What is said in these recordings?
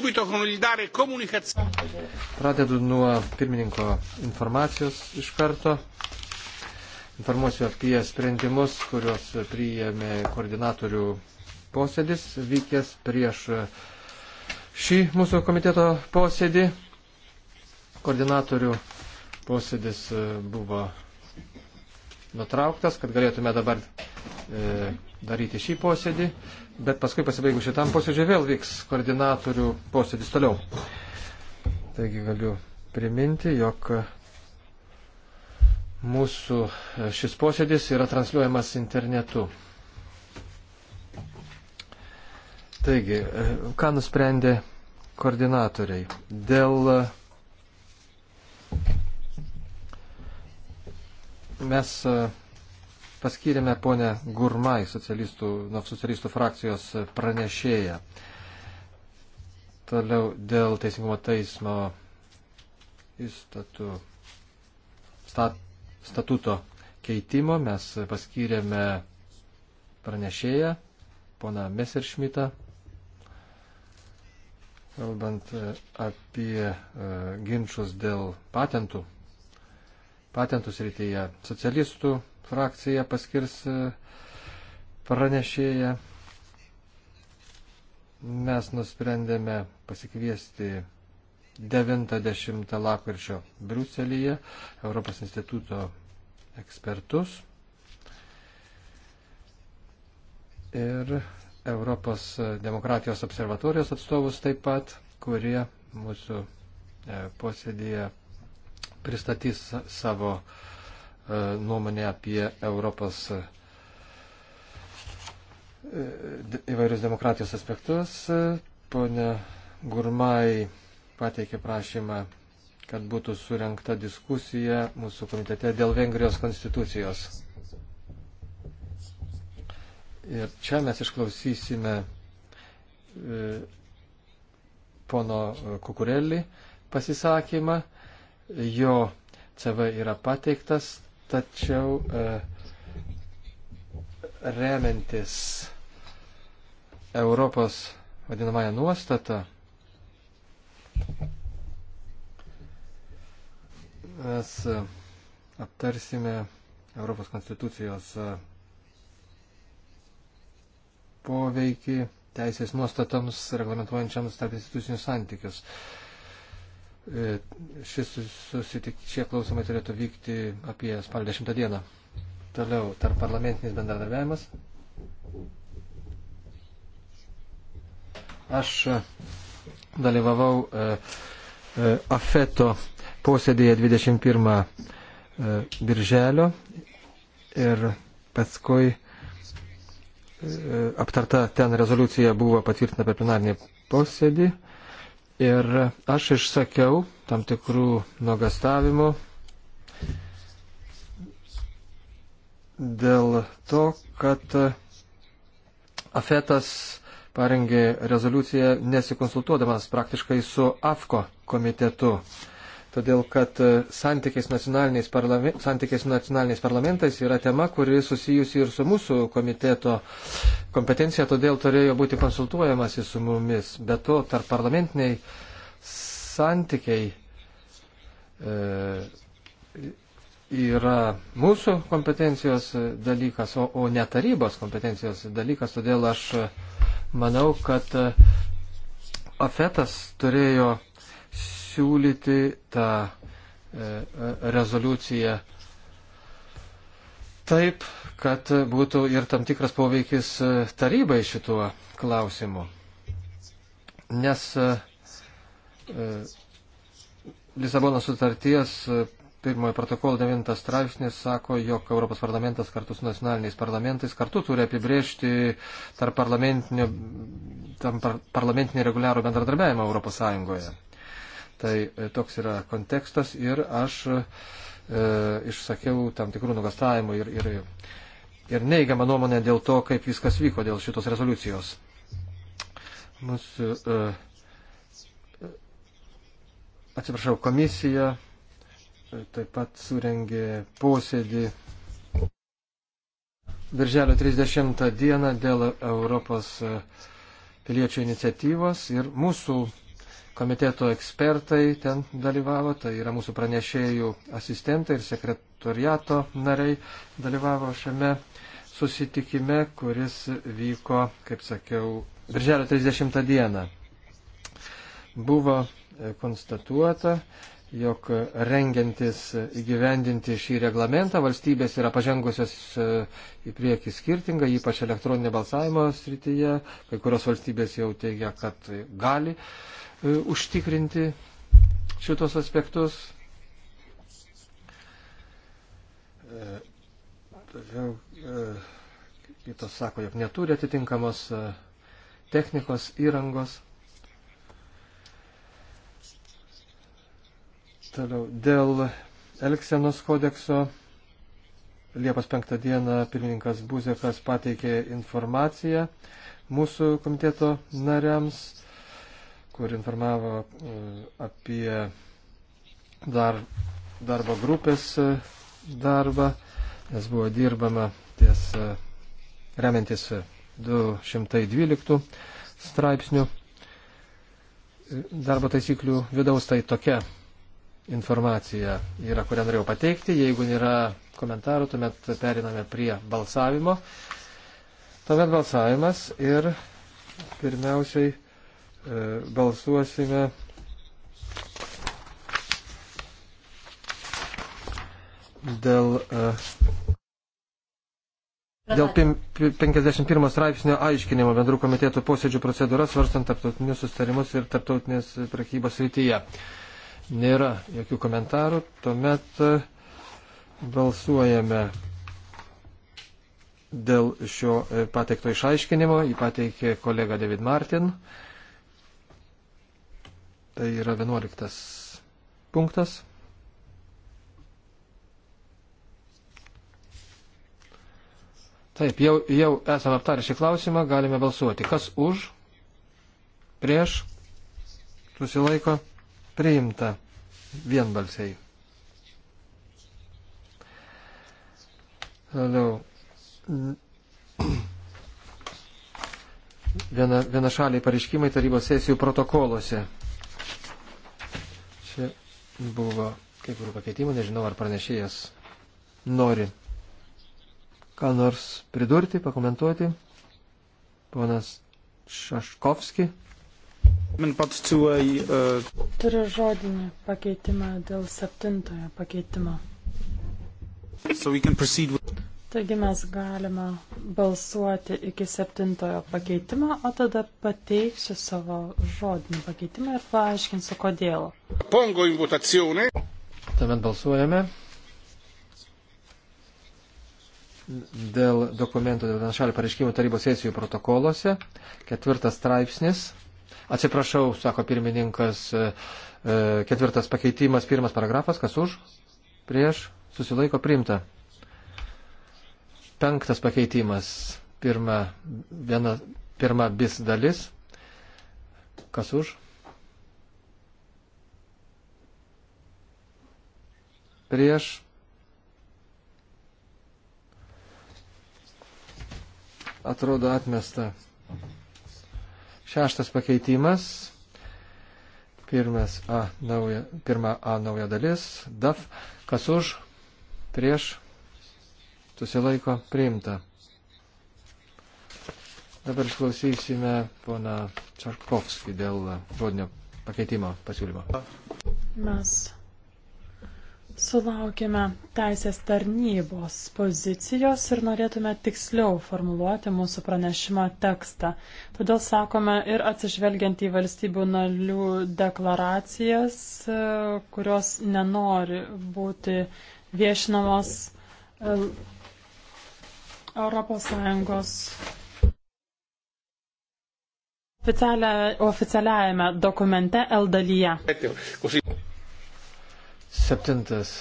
subito con il dare comunicazione. Pradedu nuo pirmininko informacijos iš karto. Informuosiu apie sprendimus, kuriuos priėmė koordinatorių posėdis vykęs prieš šį mūsų komiteto posėdį. Koordinatorių posėdis buvo nutrauktas, kad galėtume dabar e, daryti šį posėdį, bet paskui pasibaigus šitam posėdžiui vėl vyks koordinatorių posėdis toliau. Taigi galiu priminti, jog mūsų e, šis posėdis yra transliuojamas internetu. Taigi, e, ką nusprendė koordinatoriai? Dėl e, mes paskyrėme ponę Gurmai, socialistų, nuo socialistų frakcijos pranešėją. Toliau dėl teisingumo teismo įstatų, stat, statuto keitimo mes paskyrėme pranešėją, poną Messerschmittą, kalbant e, apie e, ginčius dėl patentų patentų srityje. Socialistų frakcija paskirs e, pranešėją. Mes nusprendėme pasikviesti 90 lapkričio Briuselėje Europos instituto ekspertus ir Europos demokratijos observatorijos atstovus taip pat, kurie mūsų e, posėdėje pristatys savo E, nuomonę apie Europos e, įvairius demokratijos aspektus. Pone Gurmai pateikė prašymą, kad būtų surinkta diskusija mūsų komitete dėl Vengrijos konstitucijos. Ir čia mes išklausysime e, pono Kukurelį pasisakymą. Jo CV yra pateiktas, Tačiau e, remiantis Europos vadinamąją nuostatą, mes aptarsime Europos konstitucijos e, poveikį teisės nuostatoms reglamentuojančiams tarp institucinius santykius. Uh, E, Šis susitik, šie klausimai turėtų vykti apie spalio 10 dieną. Toliau, tarp parlamentinis bendradarbiavimas. Aš dalyvavau e, e, AFETO posėdėje 21 e, birželio ir paskui e, aptarta ten rezoliucija buvo patvirtinta per plenarnį posėdį. E, Ir aš išsakiau tam tikrų nuogastavimų dėl to, kad Afetas parengė rezoliuciją nesikonsultuodamas praktiškai su AFKO komitetu todėl kad e, santykiais nacionaliniais, santykiais nacionaliniais parlamentais yra tema, kuri susijusi ir su mūsų komiteto kompetencija, todėl turėjo būti konsultuojamasi su mumis. Be to, tarp parlamentiniai santykiai e, yra mūsų kompetencijos dalykas, o, o ne tarybos kompetencijos dalykas, todėl aš e, manau, kad e, Afetas turėjo siūlyti tą e, rezoliuciją taip, kad būtų ir tam tikras poveikis e, tarybai šituo klausimu. Nes e, Lisabono sutarties pirmojo protokolo devintas straipsnis sako, jog Europos parlamentas kartu su nacionaliniais parlamentais kartu turi apibriežti tarp parlamentinį, tarp parlamentinį reguliarų bendradarbiavimą Europos Sąjungoje. Tai e, toks yra kontekstas ir aš e, išsakiau tam tikrų nugastavimų ir, ir, ir neigiamą nuomonę dėl to, kaip viskas vyko dėl šitos rezoliucijos. Mūsų, e, atsiprašau, komisija e, taip pat surengė posėdį Birželio 30 dieną dėl Europos e, piliečių iniciatyvos ir mūsų komiteto ekspertai ten dalyvavo, tai yra mūsų pranešėjų asistentai ir sekretoriato nariai dalyvavo šiame susitikime, kuris vyko, kaip sakiau, birželio 30 dieną. Buvo e, konstatuota, jog rengiantis įgyvendinti šį reglamentą valstybės yra pažengusios e, į priekį skirtingai, ypač elektroninio balsavimo srityje. Kai kurios valstybės jau teigia, kad gali E, užtikrinti šitos aspektus. E, Tačiau e, kitas sako, jog neturi atitinkamos technikos įrangos. Toliau, dėl Elksenos kodekso Liepos 5 dieną pirmininkas Buzekas pateikė informaciją mūsų komiteto nariams kur informavo e, apie dar, darbo grupės e, darbą, nes buvo dirbama ties e, remiantis 212 straipsnių darbo taisyklių vidaus, tai tokia informacija yra, kurią norėjau pateikti. Jeigu nėra komentarų, tuomet periname prie balsavimo. Tuomet balsavimas ir pirmiausiai E, balsuosime. Dėl, e, dėl 51 straipsnio aiškinimo bendrų komitetų posėdžių procedūra svarstant tarptautinius sustarimus ir tarptautinės prekybos rytyje. Nėra jokių komentarų, tuomet e, balsuojame dėl šio pateikto išaiškinimo. Jį pateikė kolega David Martin. Tai yra 11 punktas. Taip, jau, jau esame aptarę šį klausimą, galime balsuoti. Kas už, prieš, susilaiko, priimta vienbalsiai. Toliau. Viena, viena šaliai pareiškimai tarybos sesijų protokoluose buvo kai kurių pakeitimų, nežinau ar pranešėjas nori ką nors pridurti, pakomentuoti. Ponas Šaškovski. E, Turiu žodinį pakeitimą dėl septintojo pakeitimo. So Taigi mes galime balsuoti iki septintojo pakeitimo, o tada pateiksiu savo žodinį pakeitimą ir paaiškinsiu, kodėl. Pongo in votazione. Tuomet balsuojame dėl dokumentų dėl vienašalių pareiškimų tarybos sesijų protokoluose. Ketvirtas straipsnis. Atsiprašau, sako pirmininkas, e, e, ketvirtas pakeitimas, pirmas paragrafas, kas už, prieš, susilaiko primta. Penktas pakeitimas. Pirma, viena, pirma bis dalis. Kas už? Prieš. Atrodo atmesta. Šeštas pakeitimas. Pirmas A nauja, pirma A nauja dalis. DAF. Kas už? Prieš susilaiko priimta. Dabar išklausysime pona Čarkovskį dėl žodinio pakeitimo pasiūlymo. Mes sulaukėme teisės tarnybos pozicijos ir norėtume tiksliau formuluoti mūsų pranešimo tekstą. Todėl sakome ir atsižvelgiant į valstybių narių deklaracijas, kurios nenori būti viešinamos ES oficialiajame dokumente L dalyje. Septintas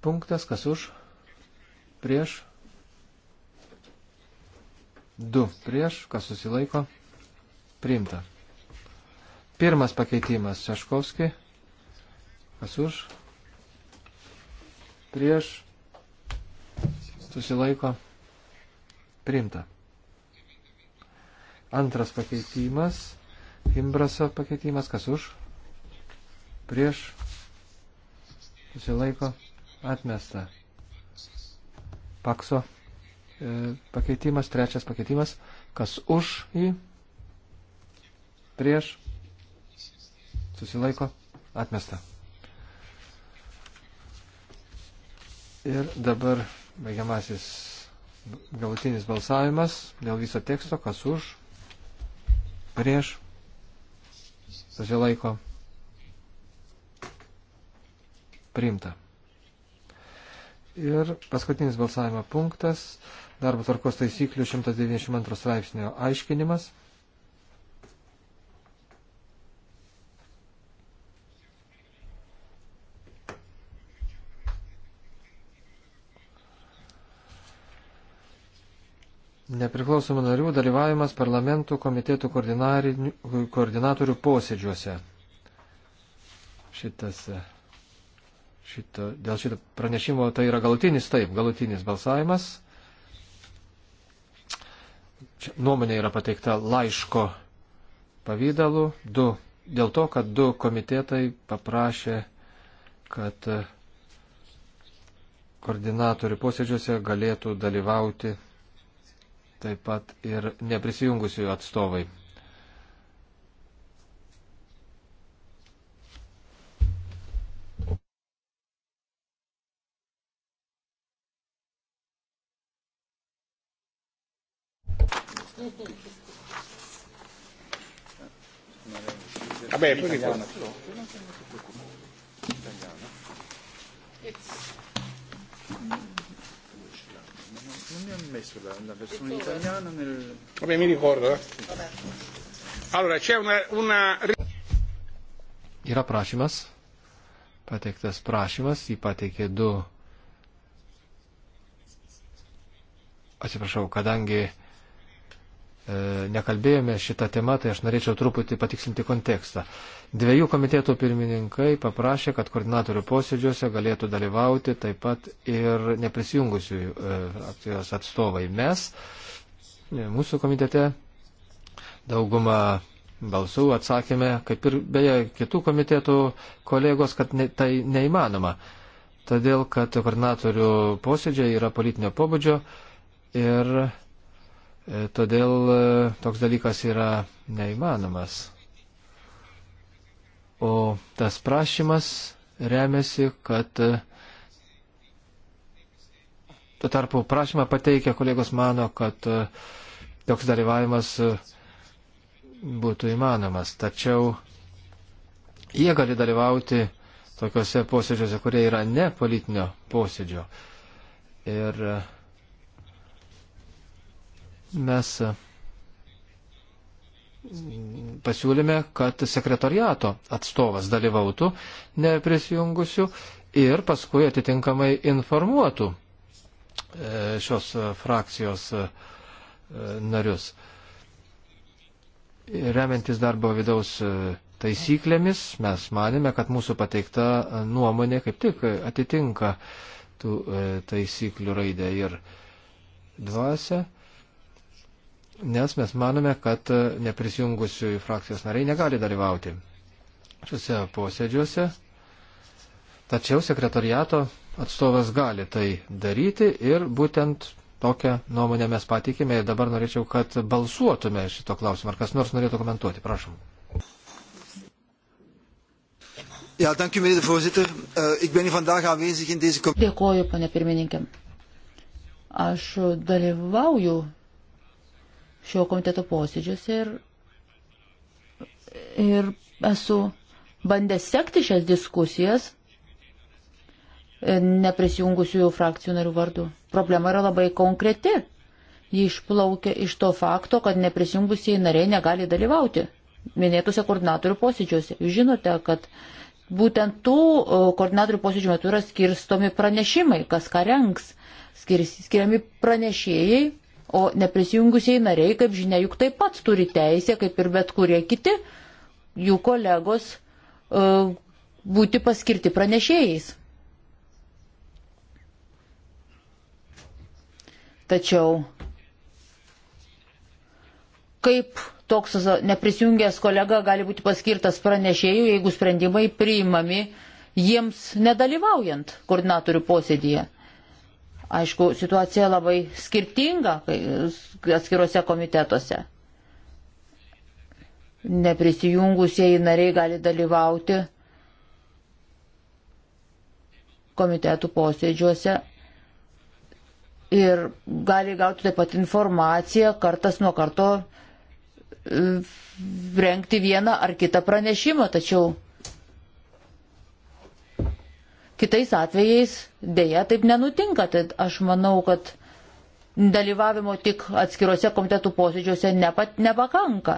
punktas, kas už, prieš, du prieš, kas susilaiko, priimta. Pirmas pakeitimas Šeškovski, kas už, prieš, susilaiko, priimta Priimta. Antras pakeitimas. Imbraso pakeitimas. Kas už? Prieš. Susilaiko. Atmesta. Pakso e, pakeitimas. Trečias pakeitimas. Kas už jį? Prieš. Susilaiko. Atmesta. Ir dabar baigiamasis galutinis balsavimas dėl viso teksto, kas už, prieš, susilaiko, priimta. Ir paskutinis balsavimo punktas, darbo tvarkos taisyklių 192 straipsnio aiškinimas. nepriklausomų narių dalyvavimas parlamentų komitetų koordinatorių posėdžiuose. Šitas, šito, dėl šito pranešimo tai yra galutinis, taip, galutinis balsavimas. Čia nuomonė yra pateikta laiško pavydalu, du, dėl to, kad du komitetai paprašė, kad koordinatorių posėdžiuose galėtų dalyvauti taip pat ir neprisijungusiųjų atstovai. Vabbè, poi ricordo. Italiano. It's... Non mi ha messo la, la versione italiana nel... Vabbè, mi ricordo. Eh. Vabbè. Allora, c'è una, una... Yra prašymas, pateiktas prašymas, jį pateikė du. Atsiprašau, kadangi E, nekalbėjome šitą temą, tai aš norėčiau truputį patikslinti kontekstą. Dviejų komitetų pirmininkai paprašė, kad koordinatorių posėdžiuose galėtų dalyvauti taip pat ir neprisijungusiųjų e, akcijos atstovai. Mes, e, mūsų komitete, daugumą balsų atsakėme, kaip ir beje kitų komitetų kolegos, kad ne, tai neįmanoma. Todėl, kad koordinatorių posėdžiai yra politinio pobūdžio ir E, todėl e, toks dalykas yra neįmanomas. O tas prašymas remiasi, kad e, tuo tarpu prašymą pateikę kolegos mano, kad toks dalyvavimas būtų įmanomas. Tačiau jie gali dalyvauti tokiuose posėdžiuose, kurie yra ne politinio posėdžio. Ir mes e, pasiūlėme, kad sekretariato atstovas dalyvautų neprisijungusių ir paskui atitinkamai informuotų e, šios e, frakcijos narius. Remiantis darbo vidaus taisyklėmis, mes manėme, kad mūsų pateikta nuomonė kaip tik atitinka tų taisyklių raidę ir dvasę nes mes manome, kad neprisijungusių į frakcijas nariai negali dalyvauti šiuose posėdžiuose. Tačiau sekretariato atstovas gali tai daryti ir būtent tokią nuomonę mes patikime ir dabar norėčiau, kad balsuotume šito klausimą. Ar kas nors norėtų komentuoti? Prašom. Ja, dank u meneer de voorzitter. Uh, ik ben hier vandaag aanwezig in deze commissie. Dėkoju, pane pirmininkė. Aš dalyvauju šio komiteto posėdžiuose ir, ir esu bandęs sekti šias diskusijas e, neprisijungusių frakcijų narių vardu. Problema yra labai konkreti. Ji išplaukia iš to fakto, kad neprisijungusiai nariai negali dalyvauti minėtose koordinatorių posėdžiuose. Jūs žinote, kad būtent tų e, koordinatorių posėdžių metu yra skirstomi pranešimai, kas ką rengs, skiriami pranešėjai o neprisijungusiai nariai, kaip žinia, juk taip pat turi teisę, kaip ir bet kurie kiti jų kolegos, e, būti paskirti pranešėjais. Tačiau kaip toks neprisijungęs kolega gali būti paskirtas pranešėjų, jeigu sprendimai priimami jiems nedalyvaujant koordinatorių posėdėje. Aišku, situacija labai skirtinga atskiruose komitetuose. Neprisijungusieji nariai gali dalyvauti komitetų posėdžiuose ir gali gauti taip pat informaciją kartas nuo karto e, rengti vieną ar kitą pranešimą, tačiau Kitais atvejais dėja taip nenutinka, tad aš manau, kad dalyvavimo tik atskiruose komitetų posėdžiuose nepat, nepakanka.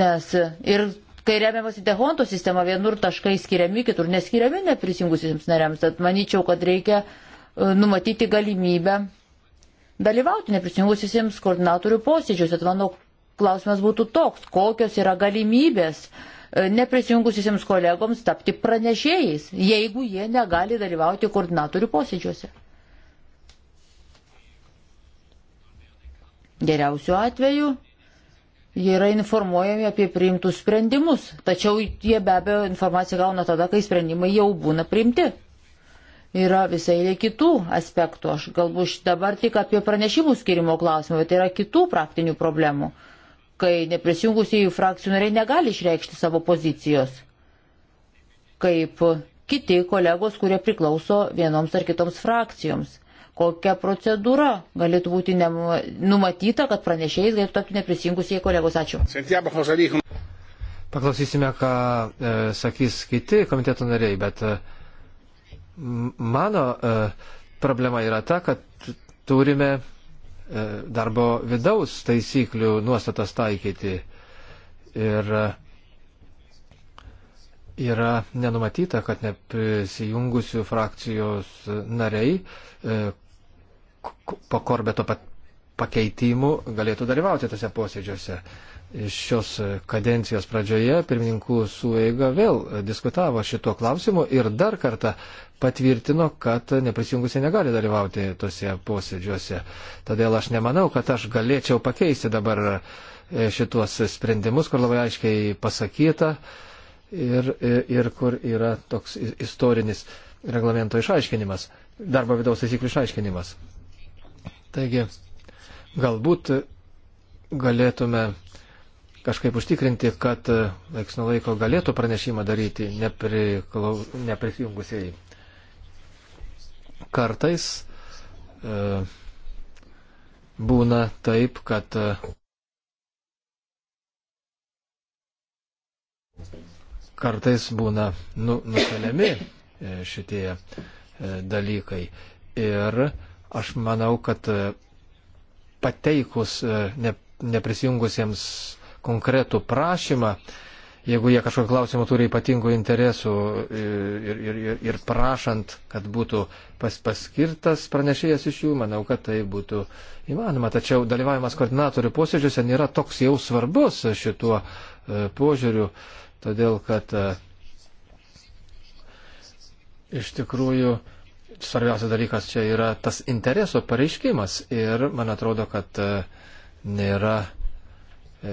Nes ir kai remiamasi dehonto sistema, vienur taškai skiriami, kitur neskiriami neprisijungusiems nariams, tad manyčiau, kad reikia e, numatyti galimybę dalyvauti neprisijungusiems koordinatorių posėdžiuose. Tad mano klausimas būtų toks, kokios yra galimybės uh, E, neprisijungusiems kolegoms tapti pranešėjais, jeigu jie negali dalyvauti koordinatorių posėdžiuose. Geriausiu atveju jie yra informuojami apie priimtus sprendimus, tačiau jie be abejo informaciją gauna tada, kai sprendimai jau būna priimti. Yra visai ir kitų aspektų, aš galbūt dabar tik apie pranešimų skirimo klausimą, bet yra kitų praktinių problemų kai neprisijungusieji frakcijų nariai negali išreikšti savo pozicijos, kaip kiti kolegos, kurie priklauso vienoms ar kitoms frakcijoms. Kokia procedūra galėtų būti numatyta, kad pranešėjais galėtų tapti neprisijungusieji kolegos? Ačiū. Paklausysime, ką e, sakys kiti komiteto nariai, bet e, mano e, problema yra ta, kad turime E, darbo vidaus taisyklių nuostatas taikyti. Ir yra nenumatyta, kad neprisijungusių frakcijos nariai e, po korbeto pakeitimų galėtų dalyvauti tose posėdžiuose šios kadencijos pradžioje pirmininkų sueiga vėl diskutavo šito klausimu ir dar kartą patvirtino, kad neprisijungusie negali dalyvauti tose posėdžiuose. Todėl aš nemanau, kad aš galėčiau pakeisti dabar e, šitos sprendimus, kur labai aiškiai pasakyta ir, e, ir kur yra toks istorinis reglamento išaiškinimas, darbo vidaus taisyklių išaiškinimas. Taigi, galbūt galėtume kažkaip užtikrinti, kad e, laiks nuo laiko galėtų pranešimą daryti nepriklau... neprisijungusiai. Kartais e, būna taip, kad e, kartais būna nu, nukeliami e, šitie e, dalykai. Ir aš manau, kad e, pateikus e, ne, neprisijungusiems konkretų prašymą, jeigu jie kažkokio klausimo turi ypatingų interesų e, ir, ir, ir, ir prašant, kad būtų pas, paskirtas pranešėjas iš jų, manau, kad tai būtų įmanoma. Tačiau dalyvavimas koordinatorių posėdžiuose nėra toks jau svarbus šituo e, požiūriu, todėl kad e, iš tikrųjų svarbiausias dalykas čia yra tas intereso pareiškimas ir man atrodo, kad nėra E,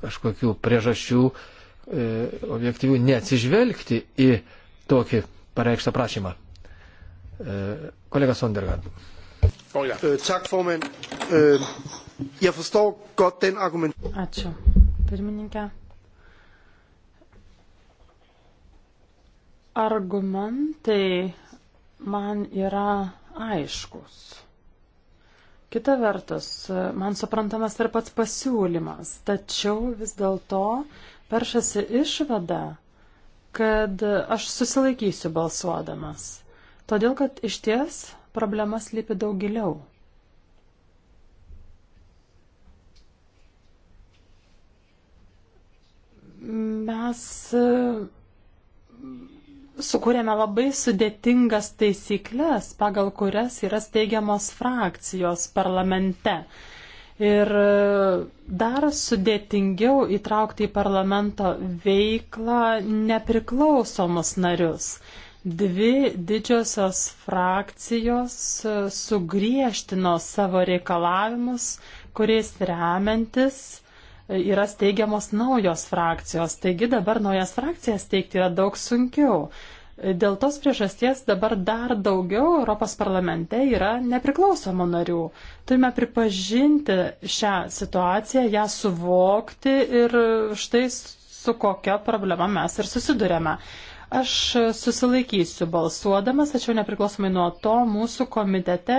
kažkokių priežasčių e, objektyvių neatsižvelgti į tokį pareikštą prašymą. E, kolega Sondergaard. Øh, tak, formand. Øh, jeg forstår godt den argument. Ačiū, pirmininkė. Argumentai man yra aiškus. Kita vertus, man suprantamas ir pats pasiūlymas, tačiau vis dėlto peršasi išvada, kad aš susilaikysiu balsuodamas, todėl kad iš ties problemas lypi daug giliau. mes sukūrėme labai sudėtingas taisyklės, pagal kurias yra steigiamos frakcijos parlamente. Ir dar sudėtingiau įtraukti į parlamento veiklą nepriklausomus narius. Dvi didžiosios frakcijos sugriežtino savo reikalavimus, kuriais remiantis yra steigiamos naujos frakcijos. Taigi dabar naujas frakcijas steigti yra daug sunkiau. Dėl tos priežasties dabar dar daugiau Europos parlamente yra nepriklausomų narių. Turime pripažinti šią situaciją, ją suvokti ir štai su kokia problema mes ir susidurėme. Aš susilaikysiu balsuodamas, tačiau nepriklausomai nuo to, mūsų komitete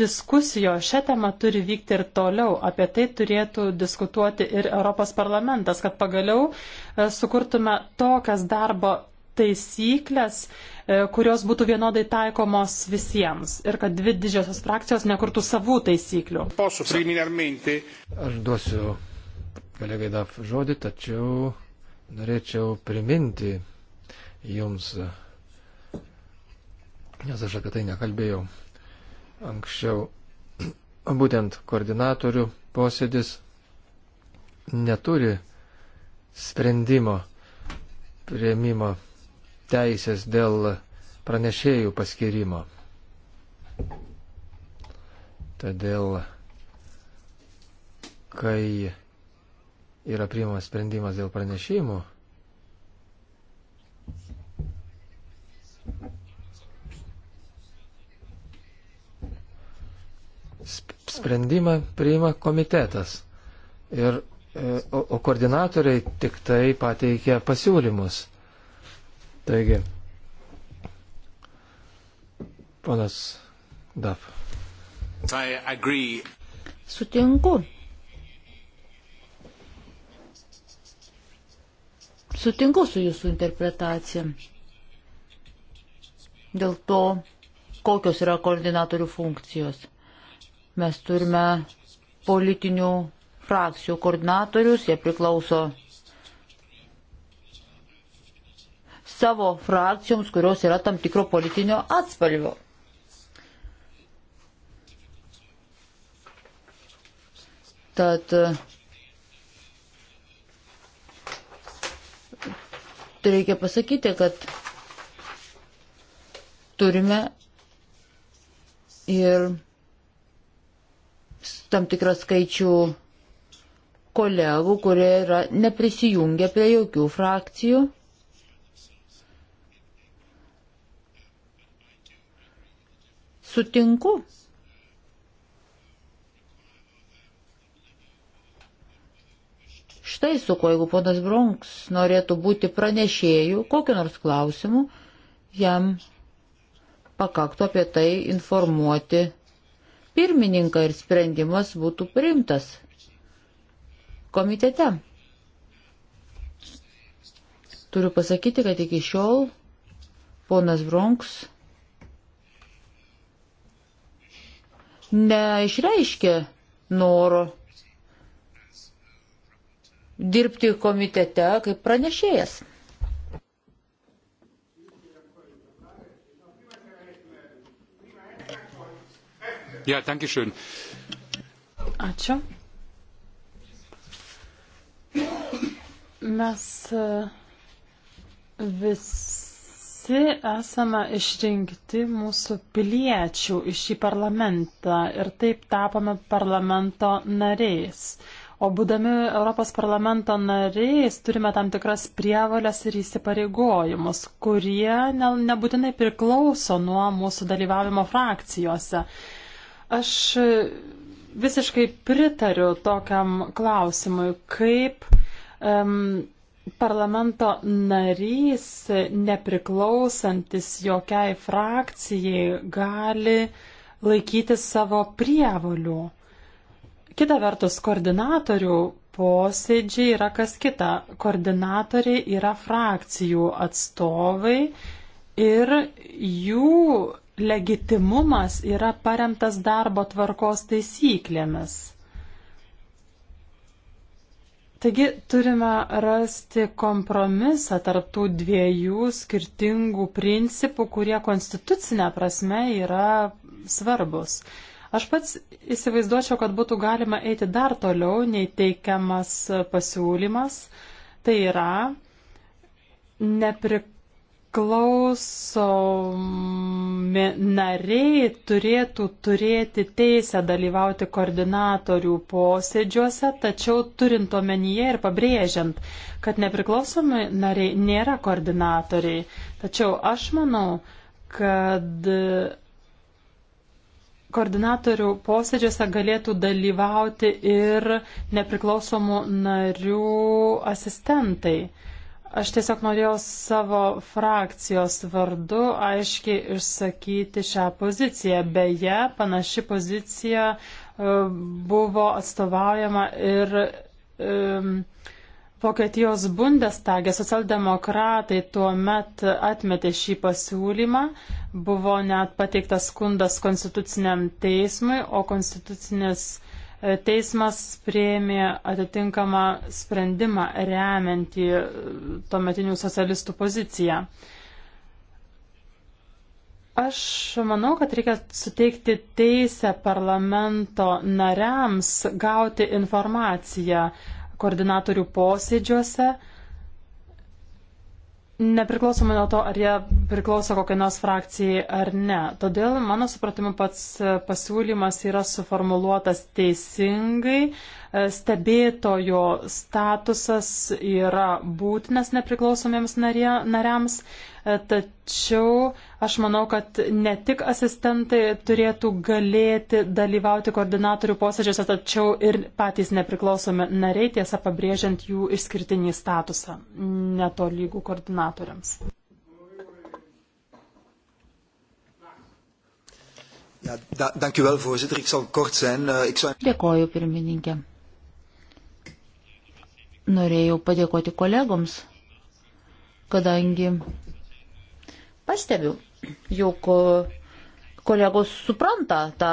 diskusijo šią temą turi vykti ir toliau. Apie tai turėtų diskutuoti ir Europos parlamentas, kad pagaliau e, sukurtume tokias darbo taisyklės, e, kurios būtų vienodai taikomos visiems ir kad dvi didžiosios frakcijos nekurtų savų taisyklių. Aš duosiu kolegai DAF žodį, tačiau norėčiau priminti jums, nes aš apie tai nekalbėjau anksčiau. Būtent koordinatorių posėdis neturi sprendimo prieimimo teisės dėl pranešėjų paskirimo. Todėl, kai yra priimamas sprendimas dėl pranešimų, Sprendimą priima komitetas. Ir, e, o, o koordinatoriai tik tai pateikia pasiūlymus. Taigi, ponas Daf. Sutinku. Sutinku su jūsų interpretacija dėl to, kokios yra koordinatorių funkcijos. Mes turime politinių frakcijų koordinatorius, jie priklauso savo frakcijoms, kurios yra tam tikro politinio atspalvio. Tad e, reikia pasakyti, kad turime ir tam tikrą skaičių kolegų, kurie yra neprisijungę prie jokių frakcijų. Sutinku. Štai su ko, jeigu ponas Bronks norėtų būti pranešėjų, kokiu nors klausimu, jam pakaktų apie tai informuoti pirmininką ir sprendimas būtų priimtas komitete. Turiu pasakyti, kad iki šiol ponas Bronks neišreiškė noro dirbti komitete kaip pranešėjas. Ja, danke schön. Ačiū. Mes e, visi esame išrinkti mūsų piliečių iš į parlamentą ir taip tapome parlamento nariais. O būdami Europos parlamento nariais turime tam tikras prievalės ir įsipareigojimus, kurie ne, nebūtinai priklauso nuo mūsų dalyvavimo frakcijose. Aš visiškai pritariu tokiam klausimui, kaip um, parlamento narys, nepriklausantis jokiai frakcijai, gali laikytis savo prievolių. Kita vertus, koordinatorių posėdžiai yra kas kita. Koordinatoriai yra frakcijų atstovai ir jų legitimumas yra paremtas darbo tvarkos taisyklėmis. Taigi turime rasti kompromisą tarptų dviejų skirtingų principų, kurie konstitucinė prasme yra svarbus. Aš pats įsivaizduočiau, kad būtų galima eiti dar toliau nei teikiamas pasiūlymas. Tai yra, neprik Priklausomi nariai turėtų turėti teisę dalyvauti koordinatorių posėdžiuose, tačiau turint omenyje ir pabrėžiant, kad nepriklausomi nariai nėra koordinatoriai. Tačiau aš manau, kad koordinatorių posėdžiuose galėtų dalyvauti ir nepriklausomų narių asistentai. Aš tiesiog norėjau savo frakcijos vardu aiškiai išsakyti šią poziciją. Beje, panaši pozicija e, buvo atstovaujama ir um, Vokietijos Bundestagė socialdemokratai tuo met atmetė šį pasiūlymą, buvo net pateiktas skundas konstituciniam teismui, o konstitucinis Teismas prieimė atitinkamą sprendimą remiantį tuometinių socialistų poziciją. Aš manau, kad reikia suteikti teisę parlamento nariams gauti informaciją koordinatorių posėdžiuose Nepriklausomai nuo to, ar jie priklauso kokiai nors frakcijai ar ne. Todėl, mano supratimu, pats pasiūlymas yra suformuluotas teisingai, Stebėtojo statusas yra būtinas nepriklausomiems nariams, e, tačiau aš manau, kad ne tik asistentai turėtų galėti dalyvauti koordinatorių posėdžiuose, tačiau ir patys nepriklausomi nariai, tiesa pabrėžiant jų išskirtinį statusą netolygų koordinatoriams. Ja, da, dank u wel, voorzitter. Ik zal kort zijn. Uh, ik zal... Dėkoju, pirmininkė norėjau padėkoti kolegoms, kadangi pastebiu, jog kolegos supranta tą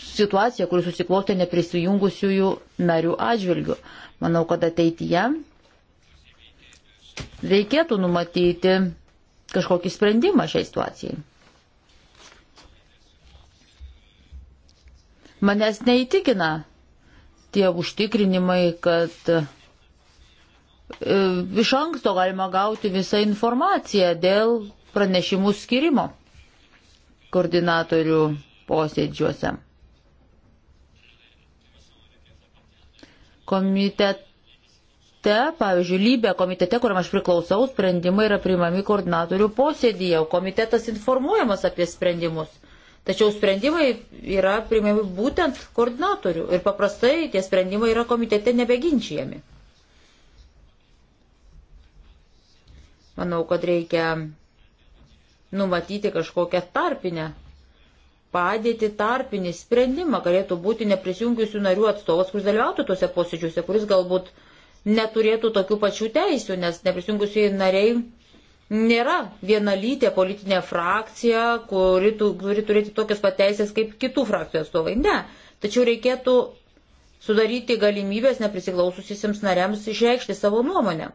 situaciją, kuri susiklostė neprisijungusiųjų narių atžvilgių. Manau, kad ateityje reikėtų numatyti kažkokį sprendimą šiai situacijai. Manęs neįtikina tie užtikrinimai, kad e, iš anksto galima gauti visą informaciją dėl pranešimų skirimo koordinatorių posėdžiuose. Komitete, pavyzdžiui, lybė komitete, kuriam aš priklausau, sprendimai yra priimami koordinatorių posėdyje, o komitetas informuojamas apie sprendimus. Tačiau sprendimai yra primami būtent koordinatorių ir paprastai tie sprendimai yra komitete nebeginčiami. Manau, kad reikia numatyti kažkokią tarpinę padėti tarpinį sprendimą, galėtų būti neprisijungiusių narių atstovas, kuris dalyvautų tuose posėdžiuose, kuris galbūt neturėtų tokių pačių teisių, nes neprisijungiusiai nariai nėra vienalytė politinė frakcija, kuri turi turėti tokias pateisės kaip kitų frakcijų atstovai. Ne. Tačiau reikėtų sudaryti galimybės neprisiklaususiems nariams išreikšti savo nuomonę.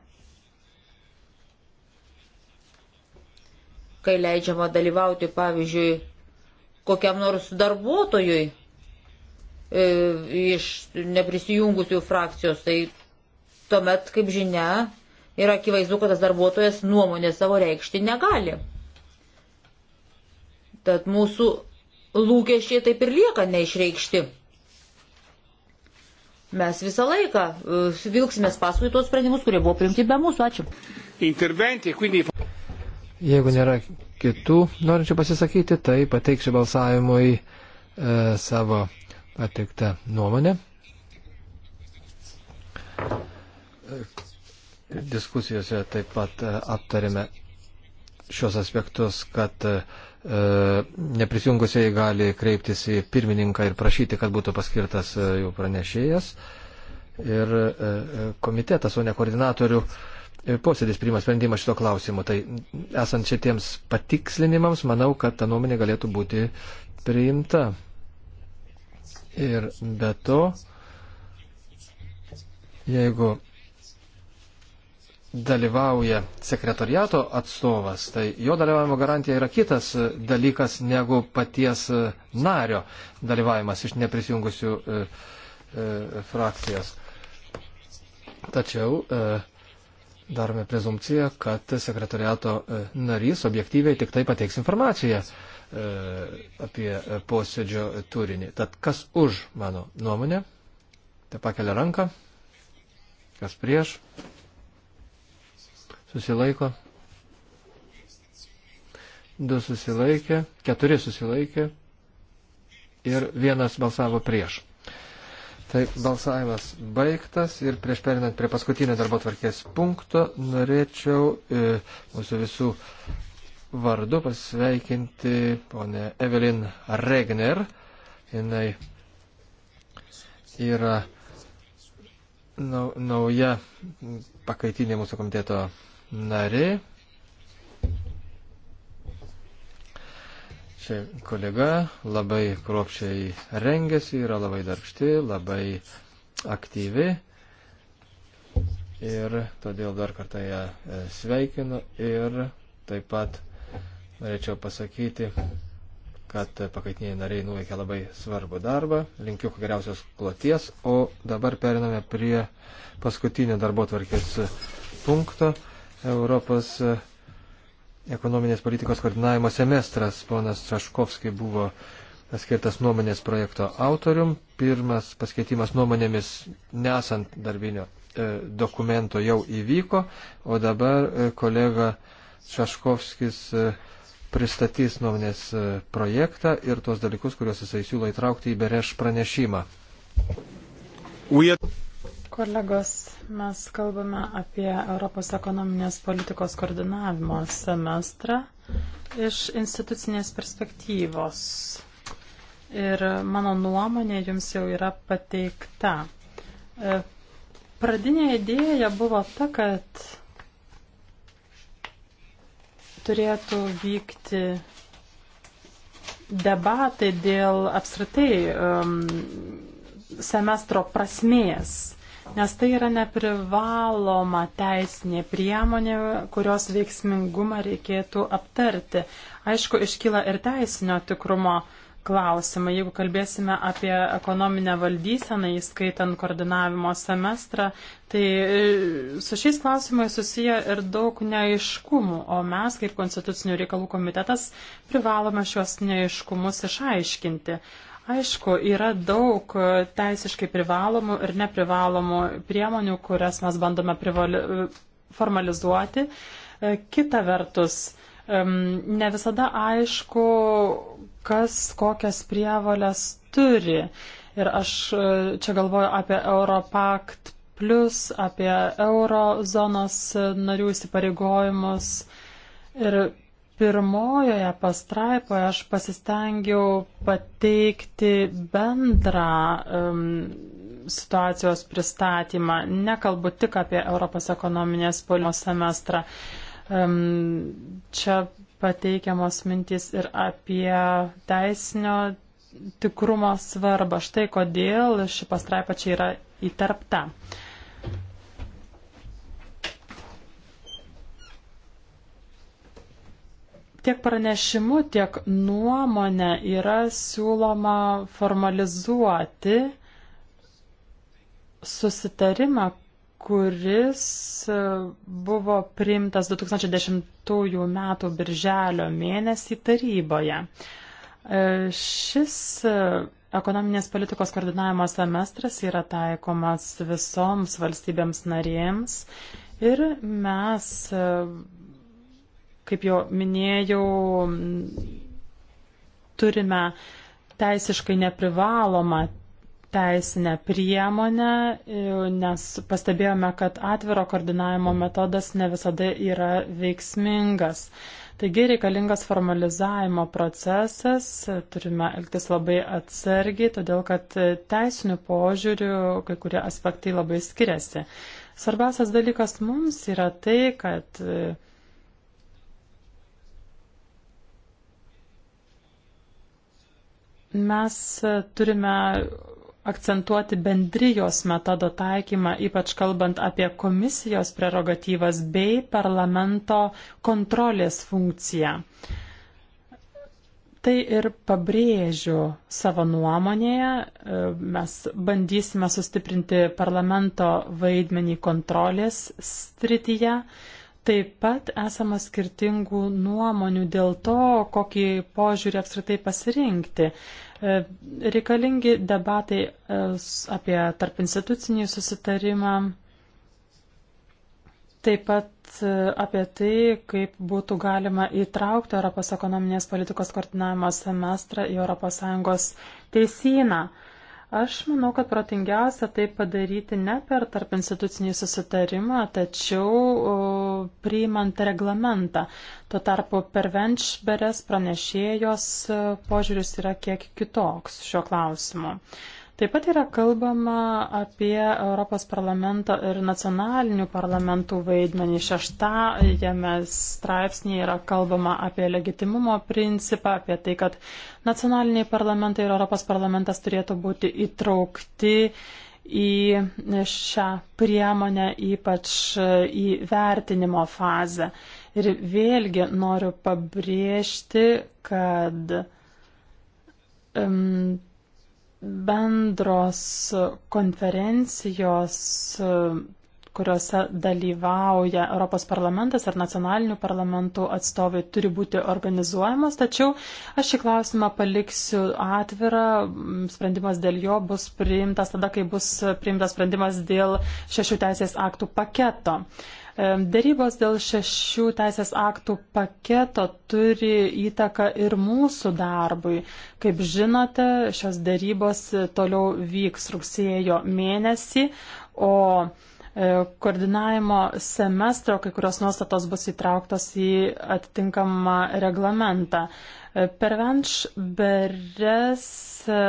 Kai leidžiama dalyvauti, pavyzdžiui, kokiam nors darbuotojui e, iš neprisijungusių frakcijos, tai tuomet, kaip žinia, ir akivaizdu, kad tas darbuotojas nuomonė savo reikšti negali. Tad mūsų lūkesčiai taip ir lieka neišreikšti. Mes visą laiką e, vilksimės paskui tuos sprendimus, kurie buvo priimti be mūsų. Ačiū. Interventi, quindi... Jeigu nėra kitų norinčių pasisakyti, tai pateiksiu balsavimui e, savo pateiktą nuomonę diskusijose taip pat e, aptarėme šios aspektus, kad e, neprisijungusiai gali kreiptis į pirmininką ir prašyti, kad būtų paskirtas e, jų pranešėjas. Ir e, e komitetas, o ne koordinatorių e, posėdis priima sprendimą šito klausimu. Tai esant šitiems patikslinimams, manau, kad ta nuomonė galėtų būti priimta. Ir be to, jeigu dalyvauja sekretariato atstovas, tai jo dalyvavimo garantija yra kitas dalykas negu paties e, nario dalyvavimas iš neprisijungusių e, e, frakcijas. Tačiau e, darome prezumciją, kad sekretariato e, narys objektyviai tik tai pateiks informaciją e, apie posėdžio turinį. Tad kas už mano nuomonę, te pakelia ranką, kas prieš susilaiko. Du susilaikė, keturi susilaikė ir vienas balsavo prieš. Tai balsavimas baigtas ir prieš perinant prie paskutinio darbo tvarkės punkto norėčiau e, mūsų visų vardu pasveikinti ponę Evelin Regner. Jinai yra nauja pakaitinė mūsų komiteto narė. Čia kolega labai kruopščiai rengiasi, yra labai darbšti, labai aktyvi. Ir todėl dar kartą ją e, sveikinu ir taip pat norėčiau pasakyti, kad pakaitiniai nariai nuveikė labai svarbų darbą. Linkiu geriausios kloties, o dabar periname prie paskutinio darbo tvarkės punkto. Europos e, ekonominės politikos koordinavimo semestras. Ponas Traškovski buvo skirtas nuomonės projekto autorium. Pirmas paskaitimas nuomonėmis nesant darbinio e, dokumento jau įvyko, o dabar e, kolega Šaškovskis e, pristatys nuomonės e, projektą ir tuos dalykus, kuriuos jisai siūlo įtraukti į Bereš pranešimą. Kolegos, mes kalbame apie Europos ekonominės politikos koordinavimo semestrą iš institucinės perspektyvos. Ir mano nuomonė jums jau yra pateikta. E, pradinė idėja buvo ta, kad turėtų vykti debatai dėl apskritai um, semestro prasmės nes tai yra neprivaloma teisinė priemonė, kurios veiksmingumą reikėtų aptarti. Aišku, iškyla ir teisinio tikrumo klausimą. Jeigu kalbėsime apie ekonominę valdyseną, įskaitant koordinavimo semestrą, tai e, su šiais klausimais susiję ir daug neaiškumų, o mes kaip Konstitucinių reikalų komitetas privalome šios neaiškumus išaiškinti. Aišku, yra daug teisiškai privalomų ir neprivalomų priemonių, kurias mes bandome privali, formalizuoti. E, kita vertus, ne visada aišku, kas kokias prievalės turi. Ir aš e, čia galvoju apie Europakt plus, apie eurozonos narių įsipareigojimus ir pirmojoje pastraipoje aš pasistengiau pateikti bendrą um, situacijos pristatymą. Nekalbu tik apie Europos ekonominės politikos semestrą. Um, čia pateikiamos mintys ir apie teisinio tikrumo svarbą. Štai kodėl ši pastraipa čia yra įterpta. Uh, Tiek pranešimu, tiek nuomonė yra siūloma formalizuoti susitarimą, kuris e, buvo priimtas 2010 m. birželio mėnesį taryboje. E, šis e, ekonominės politikos koordinavimo semestras yra taikomas visoms valstybėms narėms ir mes Kaip jau minėjau, turime teisiškai neprivalomą teisinę priemonę, nes pastebėjome, kad atviro koordinavimo metodas ne visada yra veiksmingas. Taigi reikalingas formalizavimo procesas, turime elgtis labai atsargiai, todėl kad teisinių požiūrių kai kurie aspektai labai skiriasi. Svarbiausias dalykas mums yra tai, kad Mes turime akcentuoti bendrijos metodo taikymą, ypač kalbant apie komisijos prerogatyvas bei parlamento kontrolės funkciją. Tai ir pabrėžiu savo nuomonėje. Mes bandysime sustiprinti parlamento vaidmenį kontrolės strityje. Taip pat esama skirtingų nuomonių dėl to, kokį požiūrį apskritai pasirinkti. E, reikalingi debatai e, apie tarp institucinį susitarimą, taip pat e, apie tai, kaip būtų galima įtraukti Europos ekonominės politikos koordinavimo semestrą į ES teisyną. Aš manau, kad protingiausia tai padaryti ne per tarp institucinį susitarimą, tačiau priimant reglamentą. Tuo tarpu per Venčberes pranešėjos požiūris yra kiek kitoks šiuo klausimu. Taip pat yra kalbama apie Europos parlamento ir nacionalinių parlamentų vaidmenį. Šeštajame straipsnėje yra kalbama apie legitimumo principą, apie tai, kad nacionaliniai parlamentai ir Europos parlamentas turėtų būti įtraukti į šią priemonę, ypač į vertinimo fazę. Ir vėlgi noriu pabrėžti, kad um, bendros konferencijos kuriuose dalyvauja Europos parlamentas ar nacionalinių parlamentų atstovai turi būti organizuojamos, tačiau aš šį klausimą paliksiu atvirą, sprendimas dėl jo bus priimtas tada, kai bus priimtas sprendimas dėl šešių teisės aktų paketo. Uh, Dėrybos dėl šešių teisės aktų paketo turi įtaką ir mūsų darbui. Kaip žinote, šios dėrybos toliau vyks rugsėjo mėnesį, o e, koordinavimo semestro kai kurios nuostatos bus įtrauktos į atitinkamą reglamentą. E, Pervenš beres e,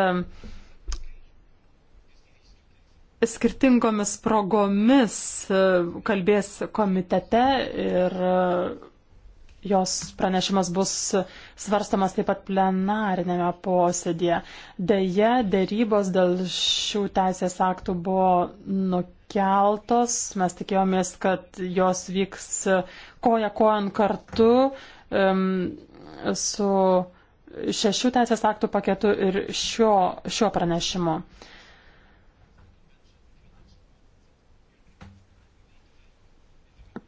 skirtingomis progomis e, kalbės komitete ir e, jos pranešimas bus svarstamas taip pat plenarinėme posėdėje. Deja, dėrybos dėl šių teisės aktų buvo nukeltos. Mes tikėjomės, kad jos vyks koja kojant kartu um, su šešių teisės aktų paketu ir šio, šio pranešimu. Uh,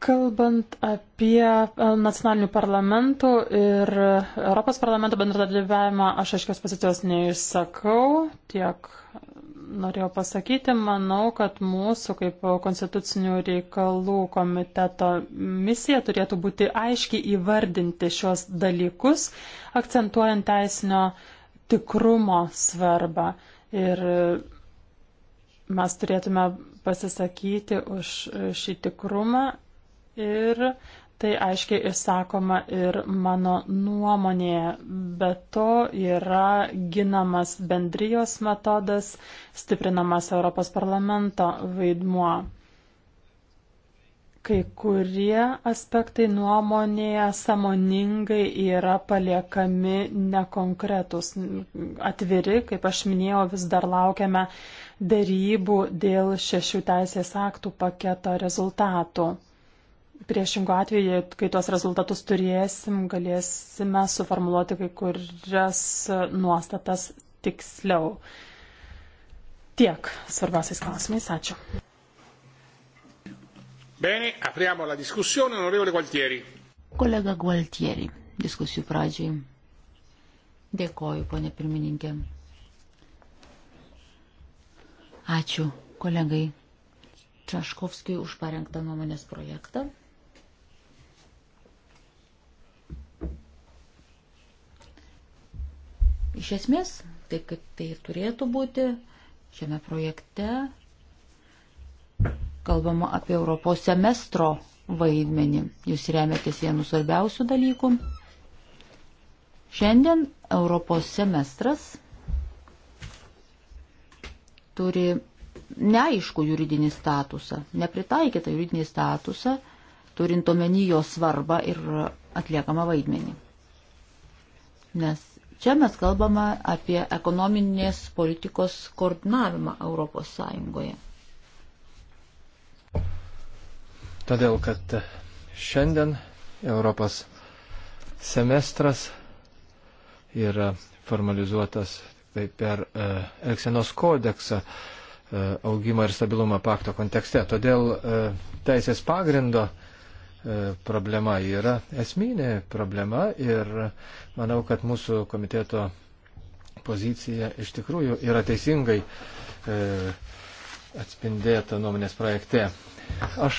Kalbant apie e, nacionalinių parlamentų ir Europos parlamento bendradarbiavimą, aš aiškios pozicijos neišsakau, tiek norėjau pasakyti, manau, kad mūsų kaip konstitucinių reikalų komiteto misija turėtų būti aiškiai įvardinti šios dalykus, akcentuojant teisinio tikrumo svarbą. Ir mes turėtume pasisakyti už šį tikrumą ir tai aiškiai išsakoma ir mano nuomonėje. Be to yra ginamas bendrijos metodas, stiprinamas Europos parlamento vaidmuo. Kai kurie aspektai nuomonėje samoningai yra paliekami nekonkretus, atviri, kaip aš minėjau, vis dar laukiame dėrybų dėl šešių teisės aktų paketo rezultatų. Priešingų atveju, kai tuos rezultatus turėsim, galėsime suformuoluoti kai kurias nuostatas tiksliau. Tiek svarbiausiais klausimais. Ačiū. Bene, apriamo la diskusione, onorevole Gualtieri. Kolega Gualtieri, diskusijų pradžiai. Dėkoju, ponė pirmininkė. Ačiū kolegai Čaškovskijui už parengtą nuomonės projektą. Iš esmės, taip kaip tai ir turėtų būti, šiame projekte kalbama apie Europos semestro vaidmenį. Jūs remiatės vienu svarbiausių dalykų. Šiandien Europos semestras turi neaišku juridinį statusą, nepritaikytą juridinį statusą, turint omeny jo svarbą ir atliekamą vaidmenį. Nes Čia mes kalbame apie ekonominės politikos koordinavimą Europos Sąjungoje. Todėl, kad šiandien Europos semestras yra formalizuotas tai per e, Elksenos kodeksą e, augimo ir stabilumo pakto kontekste. Todėl e, teisės pagrindo e, E, problema yra esminė problema ir manau, kad mūsų komiteto pozicija iš tikrųjų yra teisingai e, atspindėta nuomonės projekte. Aš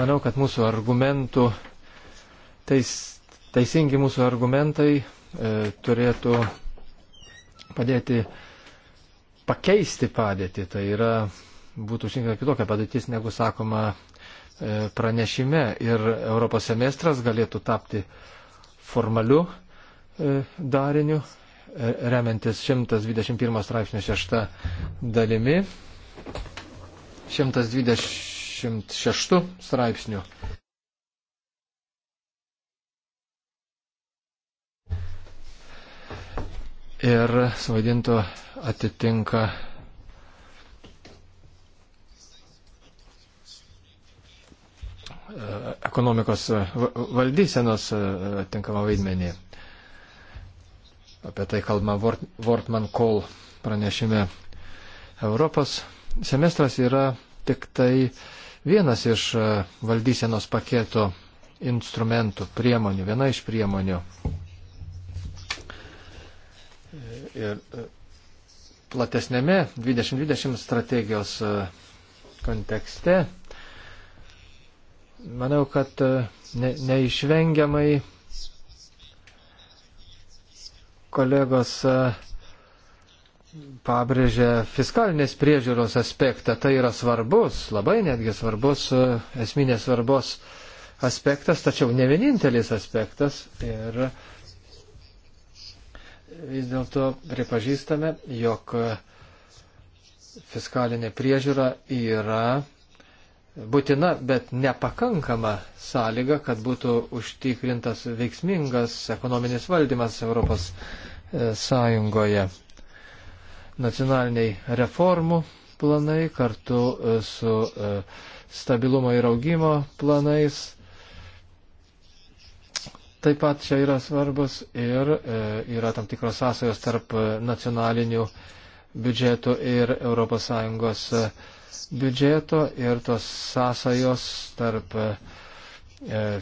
manau, kad mūsų argumentų, teis, teisingi mūsų argumentai e, turėtų padėti pakeisti padėtį. Tai yra, būtų šiandien kitokia padėtis, negu sakoma E, pranešime ir Europos semestras galėtų tapti formaliu e, dariniu, e, remiantis 121 straipsnio 6 dalimi, 126 straipsnių. Ir suvaidintų atitinka ekonomikos e, valdysenos e, tinkamą vaidmenį. Apie tai kalbama Wortman Kohl pranešime. Europos semestras yra tik tai vienas iš e, valdysenos paketo instrumentų, priemonių, viena iš priemonių. Ir platesnėme 2020 strategijos kontekste manau, kad e, ne, neišvengiamai kolegos e, pabrėžė fiskalinės priežiūros aspektą. Tai yra svarbus, labai netgi svarbus, e, esminės svarbos aspektas, tačiau ne vienintelis aspektas. Ir vis dėlto pripažįstame, jog fiskalinė priežiūra yra būtina, bet nepakankama sąlyga, kad būtų užtikrintas veiksmingas ekonominis valdymas Europos e, Sąjungoje. Nacionaliniai reformų planai kartu e, su e, stabilumo ir augimo planais taip pat čia yra svarbus ir e, yra tam tikros sąsajos tarp nacionalinių biudžetų ir ES biudžeto ir tos sąsajos tarp e,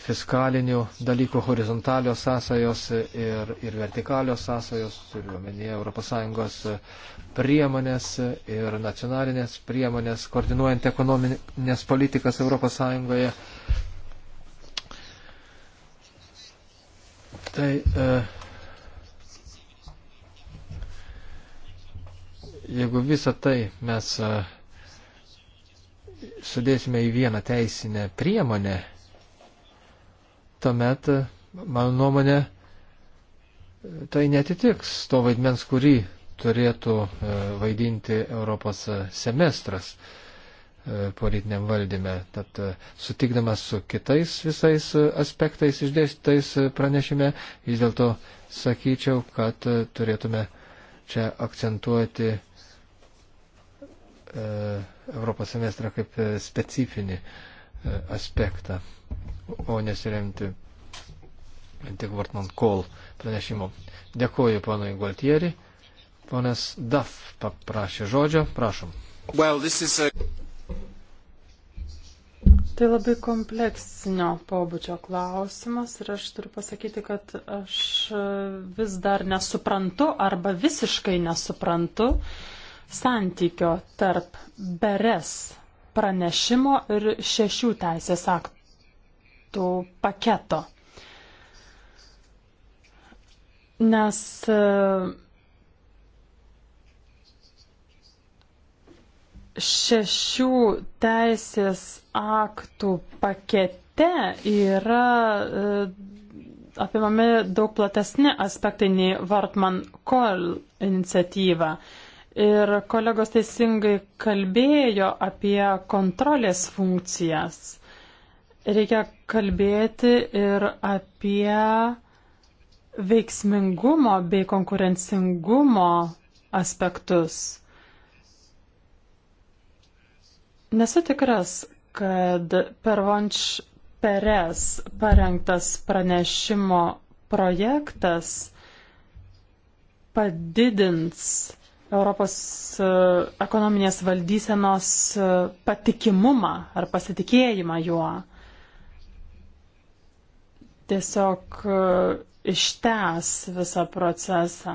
fiskalinių dalykų, horizontalios sąsajos ir, ir vertikalios sąsajos, turiu omenyje ES priemonės ir nacionalinės priemonės, koordinuojant ekonominės politikas ES. Tai e, jeigu visą tai mes. E, sudėsime į vieną teisinę priemonę, tuomet, mano nuomonė, tai netitiks to vaidmens, kurį turėtų e, vaidinti Europos semestras e, politiniam valdyme. Tad e, sutikdamas su kitais visais aspektais išdėstytais pranešime, vis dėlto sakyčiau, kad turėtume čia akcentuoti Europos semestrą kaip e, specifinį e, aspektą, o nesiremti tik Vartman Kol pranešimu. Dėkuoju panui Gualtieri. Ponas Daf paprašė žodžio. Prašom. Well, a... Tai labai kompleksinio pobūdžio klausimas ir aš turiu pasakyti, kad aš vis dar nesuprantu arba visiškai nesuprantu uh, santykio tarp beres pranešimo ir šešių teisės aktų paketo. Nes e, šešių teisės aktų pakete yra e, apimami daug platesni aspektai nei Vartman Kohl iniciatyva. Ir kolegos teisingai kalbėjo apie kontrolės funkcijas. Reikia kalbėti ir apie veiksmingumo bei konkurencingumo aspektus. Nesu tikras, kad Pervonč Peres parengtas pranešimo projektas padidins Europos e, ekonominės valdysenos e, patikimumą ar pasitikėjimą juo. Tiesiog e, ištęs visą procesą.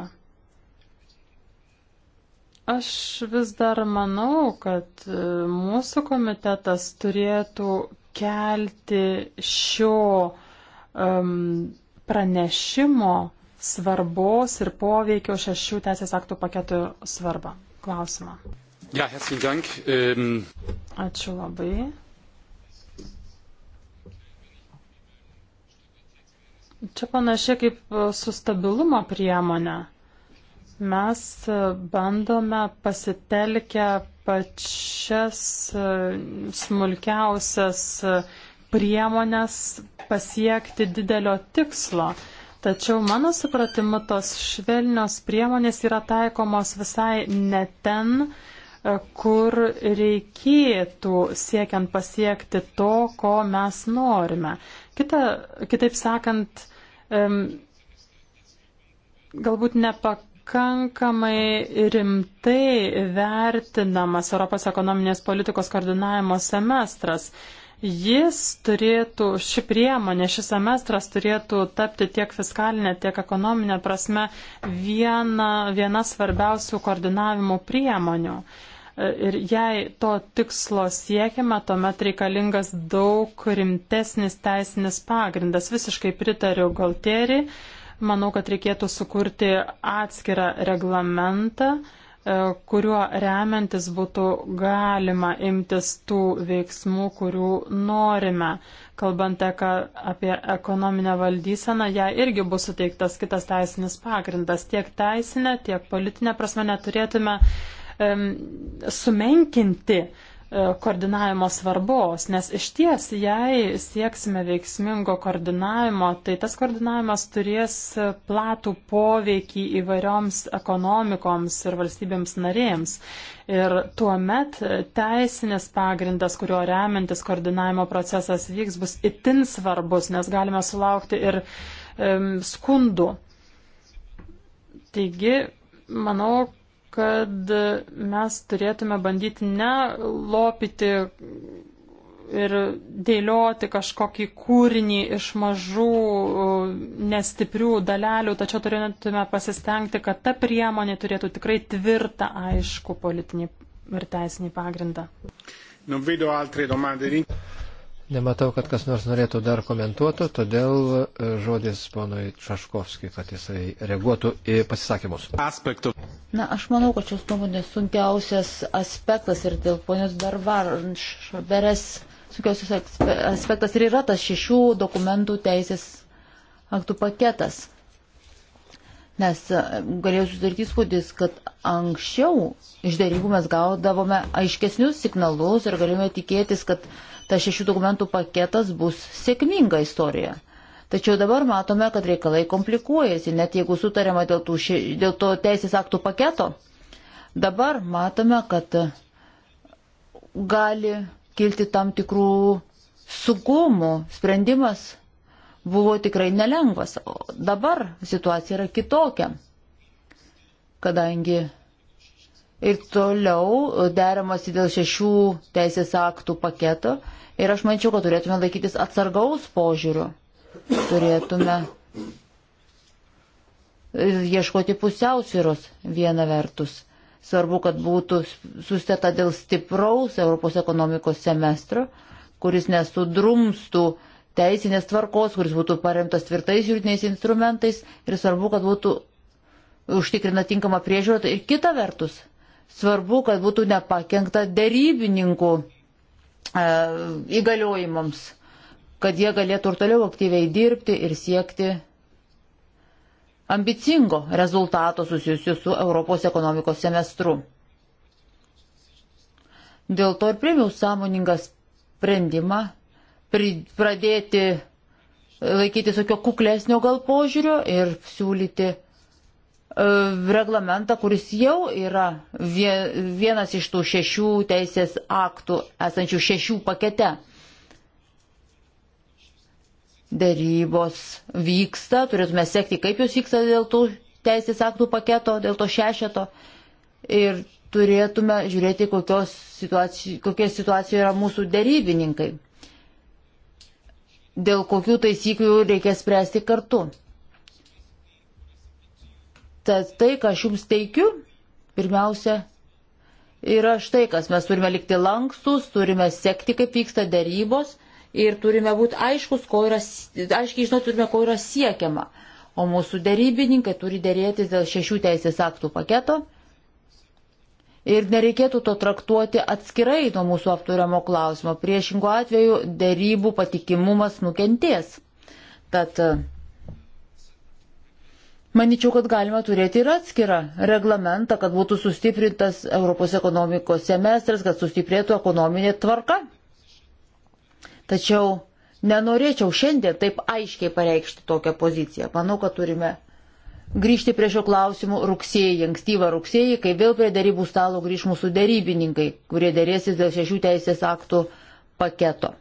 Aš vis dar manau, kad mūsų komitetas turėtų kelti šio um, pranešimo svarbos ir poveikio šešių teisės aktų paketų svarbą. Klausimą. Ja, herzlichen Dank. Ähm... Ačiū labai. Čia panašiai kaip su stabilumo priemonė. Mes bandome pasitelkę pačias e, smulkiausias e, priemonės pasiekti didelio tikslo. Tačiau mano supratimu tos švelnios priemonės yra taikomos visai ne ten, e, kur reikėtų siekiant pasiekti to, ko mes norime. Kita, kitaip sakant, galbūt nepakankamai rimtai vertinamas Europos ekonominės politikos koordinavimo semestras. Jis turėtų, ši priemonė, šis semestras turėtų tapti tiek fiskalinė, tiek ekonominė prasme viena, viena svarbiausių koordinavimo priemonių. Ir jei to tikslo siekime, tuomet reikalingas daug rimtesnis teisinis pagrindas. Visiškai pritariu Galterį. Manau, kad reikėtų sukurti atskirą reglamentą E, kuriuo remiantis būtų galima imtis tų veiksmų, kurių norime. Kalbant apie ekonominę valdyseną, ją irgi bus suteiktas kitas teisinis pagrindas. Tiek teisinė, tiek politinė prasme neturėtume um, sumenkinti uh, E, koordinavimo svarbos, nes iš ties, jei sieksime veiksmingo koordinavimo, tai tas koordinavimas turės platų poveikį įvairioms ekonomikoms ir valstybėms narėms. Ir tuo met teisinis pagrindas, kurio remiantis koordinavimo procesas vyks, bus itin svarbus, nes galime sulaukti ir um, skundų. Taigi, manau, kad mes turėtume bandyti ne lopyti ir dėlioti kažkokį kūrinį iš mažų, nestiprių dalelių, tačiau turėtume pasistengti, kad ta priemonė turėtų tikrai tvirtą, aišku, politinį ir teisinį pagrindą. Non vedo altre domande. Nematau, kad kas nors norėtų dar komentuotų, todėl e, žodis ponui Čaškovskijui, kad jisai reaguotų į pasisakymus. Aspektų. Na, aš manau, kad šios nuomonės sunkiausias aspektas ir dėl ponios Bervaršberes sunkiausias aspektas ir yra tas šešių dokumentų teisės aktų paketas. Nes e, galėjau susidaryti įspūdis, kad anksčiau iš darybų mes gaudavome aiškesnius signalus ir galėjome tikėtis, kad ta šešių dokumentų paketas bus sėkminga istorija. Tačiau dabar matome, kad reikalai komplikuojasi, net jeigu sutarėma dėl, tų, še... dėl to teisės aktų paketo. Dabar matome, kad gali kilti tam tikrų sunkumų. Sprendimas buvo tikrai nelengvas. O dabar situacija yra kitokia, kadangi ir toliau deramasi dėl šešių teisės aktų paketo ir aš mančiau, kad turėtume laikytis atsargaus požiūrių. Turėtume ieškoti pusiausvyros viena vertus. Svarbu, kad būtų susteta dėl stipraus Europos ekonomikos semestro, kuris nesudrumstų uh, teisinės tvarkos, kuris būtų paremtas tvirtais juridiniais instrumentais ir svarbu, kad būtų užtikrina tinkamą priežiūrą tai ir kita vertus. Svarbu, kad būtų nepakengta dėrybininkų e, įgaliojimams, kad jie galėtų ir toliau aktyviai dirbti ir siekti ambicingo rezultato susijusiu su Europos ekonomikos semestru. Dėl to ir priemiau sąmoningą sprendimą pradėti laikytis tokio kuklesnio gal požiūrio ir siūlyti e, reglamentą, kuris jau yra vienas iš tų šešių teisės aktų esančių šešių pakete. Darybos vyksta, turėtume sekti, kaip jūs vyksta dėl tų teisės aktų paketo, dėl to šešeto. Ir turėtume žiūrėti, kokios situacijos, kokie situacijoje yra mūsų darybininkai dėl kokių taisyklių reikia spręsti kartu. Tad tai, ką aš jums teikiu, pirmiausia, yra štai kas. Mes turime likti lankstus, turime sekti, kaip vyksta dėrybos ir turime būti aiškus, ko yra, aiškiai žinoti, turime, ko yra siekiama. O mūsų dėrybininkai turi dėrėtis dėl šešių teisės aktų paketo ir nereikėtų to traktuoti atskirai nuo mūsų aptariamo klausimo. Priešingų atveju dėrybų patikimumas nukenties. Tad e, manyčiau, kad galima turėti ir atskirą reglamentą, kad būtų sustiprintas Europos ekonomikos semestras, kad sustiprėtų ekonominė tvarka. Tačiau nenorėčiau šiandien taip aiškiai pareikšti tokią poziciją. Manau, kad turime grįžti prie šio klausimų rugsėjį, ankstyvą rugsėjį, kai vėl prie darybų stalo grįž mūsų darybininkai, kurie dėrėsis dėl šešių teisės aktų paketo.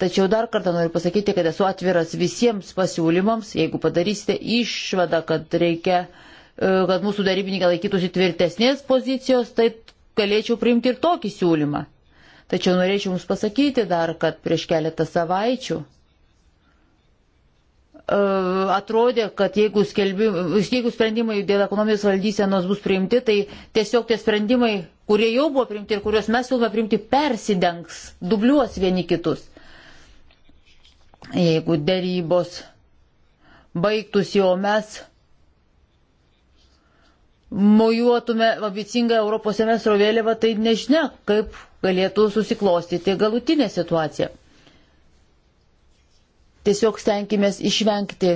Tačiau dar kartą noriu pasakyti, kad esu atviras visiems pasiūlymams, jeigu padarysite išvadą, kad reikia, e, kad mūsų darybininkai laikytųsi tvirtesnės pozicijos, tai galėčiau priimti ir tokį siūlymą. Tačiau norėčiau Jums pasakyti dar, kad prieš keletą savaičių E, atrodė, kad jeigu, skelbi, jeigu sprendimai dėl ekonomijos valdysenos bus priimti, tai tiesiog tie sprendimai, kurie jau buvo priimti ir kuriuos mes siūlome priimti, persidengs, dubliuos vieni kitus. Jeigu dėrybos baigtųsi, o mes mojuotume ambicingą Europos semestro vėliavą, tai nežinia, kaip galėtų susiklostyti galutinė situacija. Tiesiog stenkimės išvengti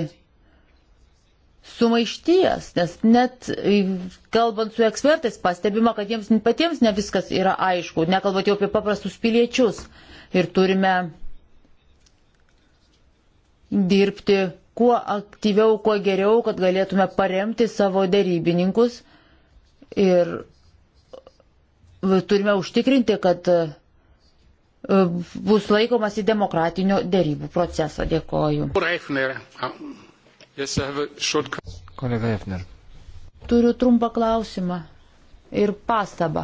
sumaišties, nes net e, kalbant su ekspertais pastebima, kad jiems patiems ne viskas yra aišku, nekalbant jau apie paprastus piliečius. Ir turime dirbti kuo aktyviau, kuo geriau, kad galėtume paremti savo dėrybininkus ir turime užtikrinti, kad E, bus laikomasi demokratinio dėrybų proceso. Dėkoju. Kolega Efner. Turiu trumpą klausimą ir pastabą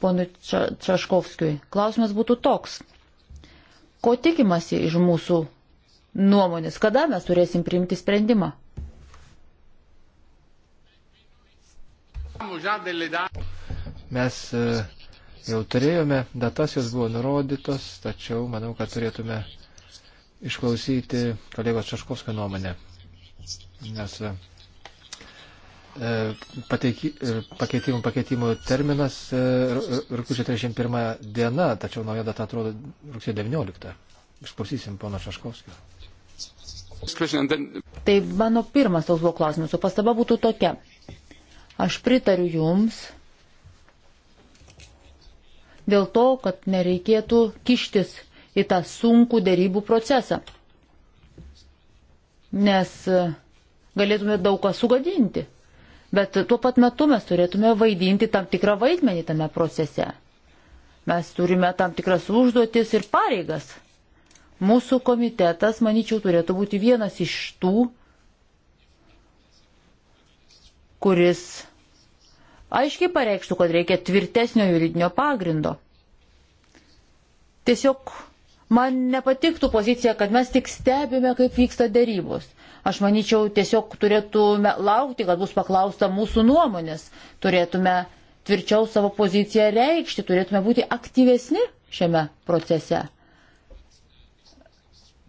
ponui Ča Čaškovskijui. Klausimas būtų toks. Ko tikimasi iš mūsų nuomonės? Kada mes turėsim priimti sprendimą? Mes uh, jau turėjome, datas jos buvo nurodytos, tačiau manau, kad turėtume išklausyti kolegos Šaškovskio nuomonę. Nes e, pateiki, e, pakeitimų, pakeitimų terminas e, rūpiučio 31 diena, tačiau nauja data atrodo rugsėjo 19. Išklausysim pono Šaškovskio. Tai mano pirmas toks buvo klausimas, o pastaba būtų tokia. Aš pritariu Jums dėl to, kad nereikėtų kištis į tą sunkų dėrybų procesą. Nes e, galėtume daug ką sugadinti. Bet tuo pat metu mes turėtume vaidinti tam tikrą vaidmenį tame procese. Mes turime tam tikras užduotis ir pareigas. Mūsų komitetas, manyčiau, turėtų būti vienas iš tų, kuris aiškiai pareikštų, kad reikia tvirtesnio juridinio pagrindo. Tiesiog man nepatiktų pozicija, kad mes tik stebime, kaip vyksta dėrybos. Aš manyčiau, tiesiog turėtume laukti, kad bus paklausta mūsų nuomonės, turėtume tvirčiau savo poziciją reikšti, turėtume būti aktyvesni šiame procese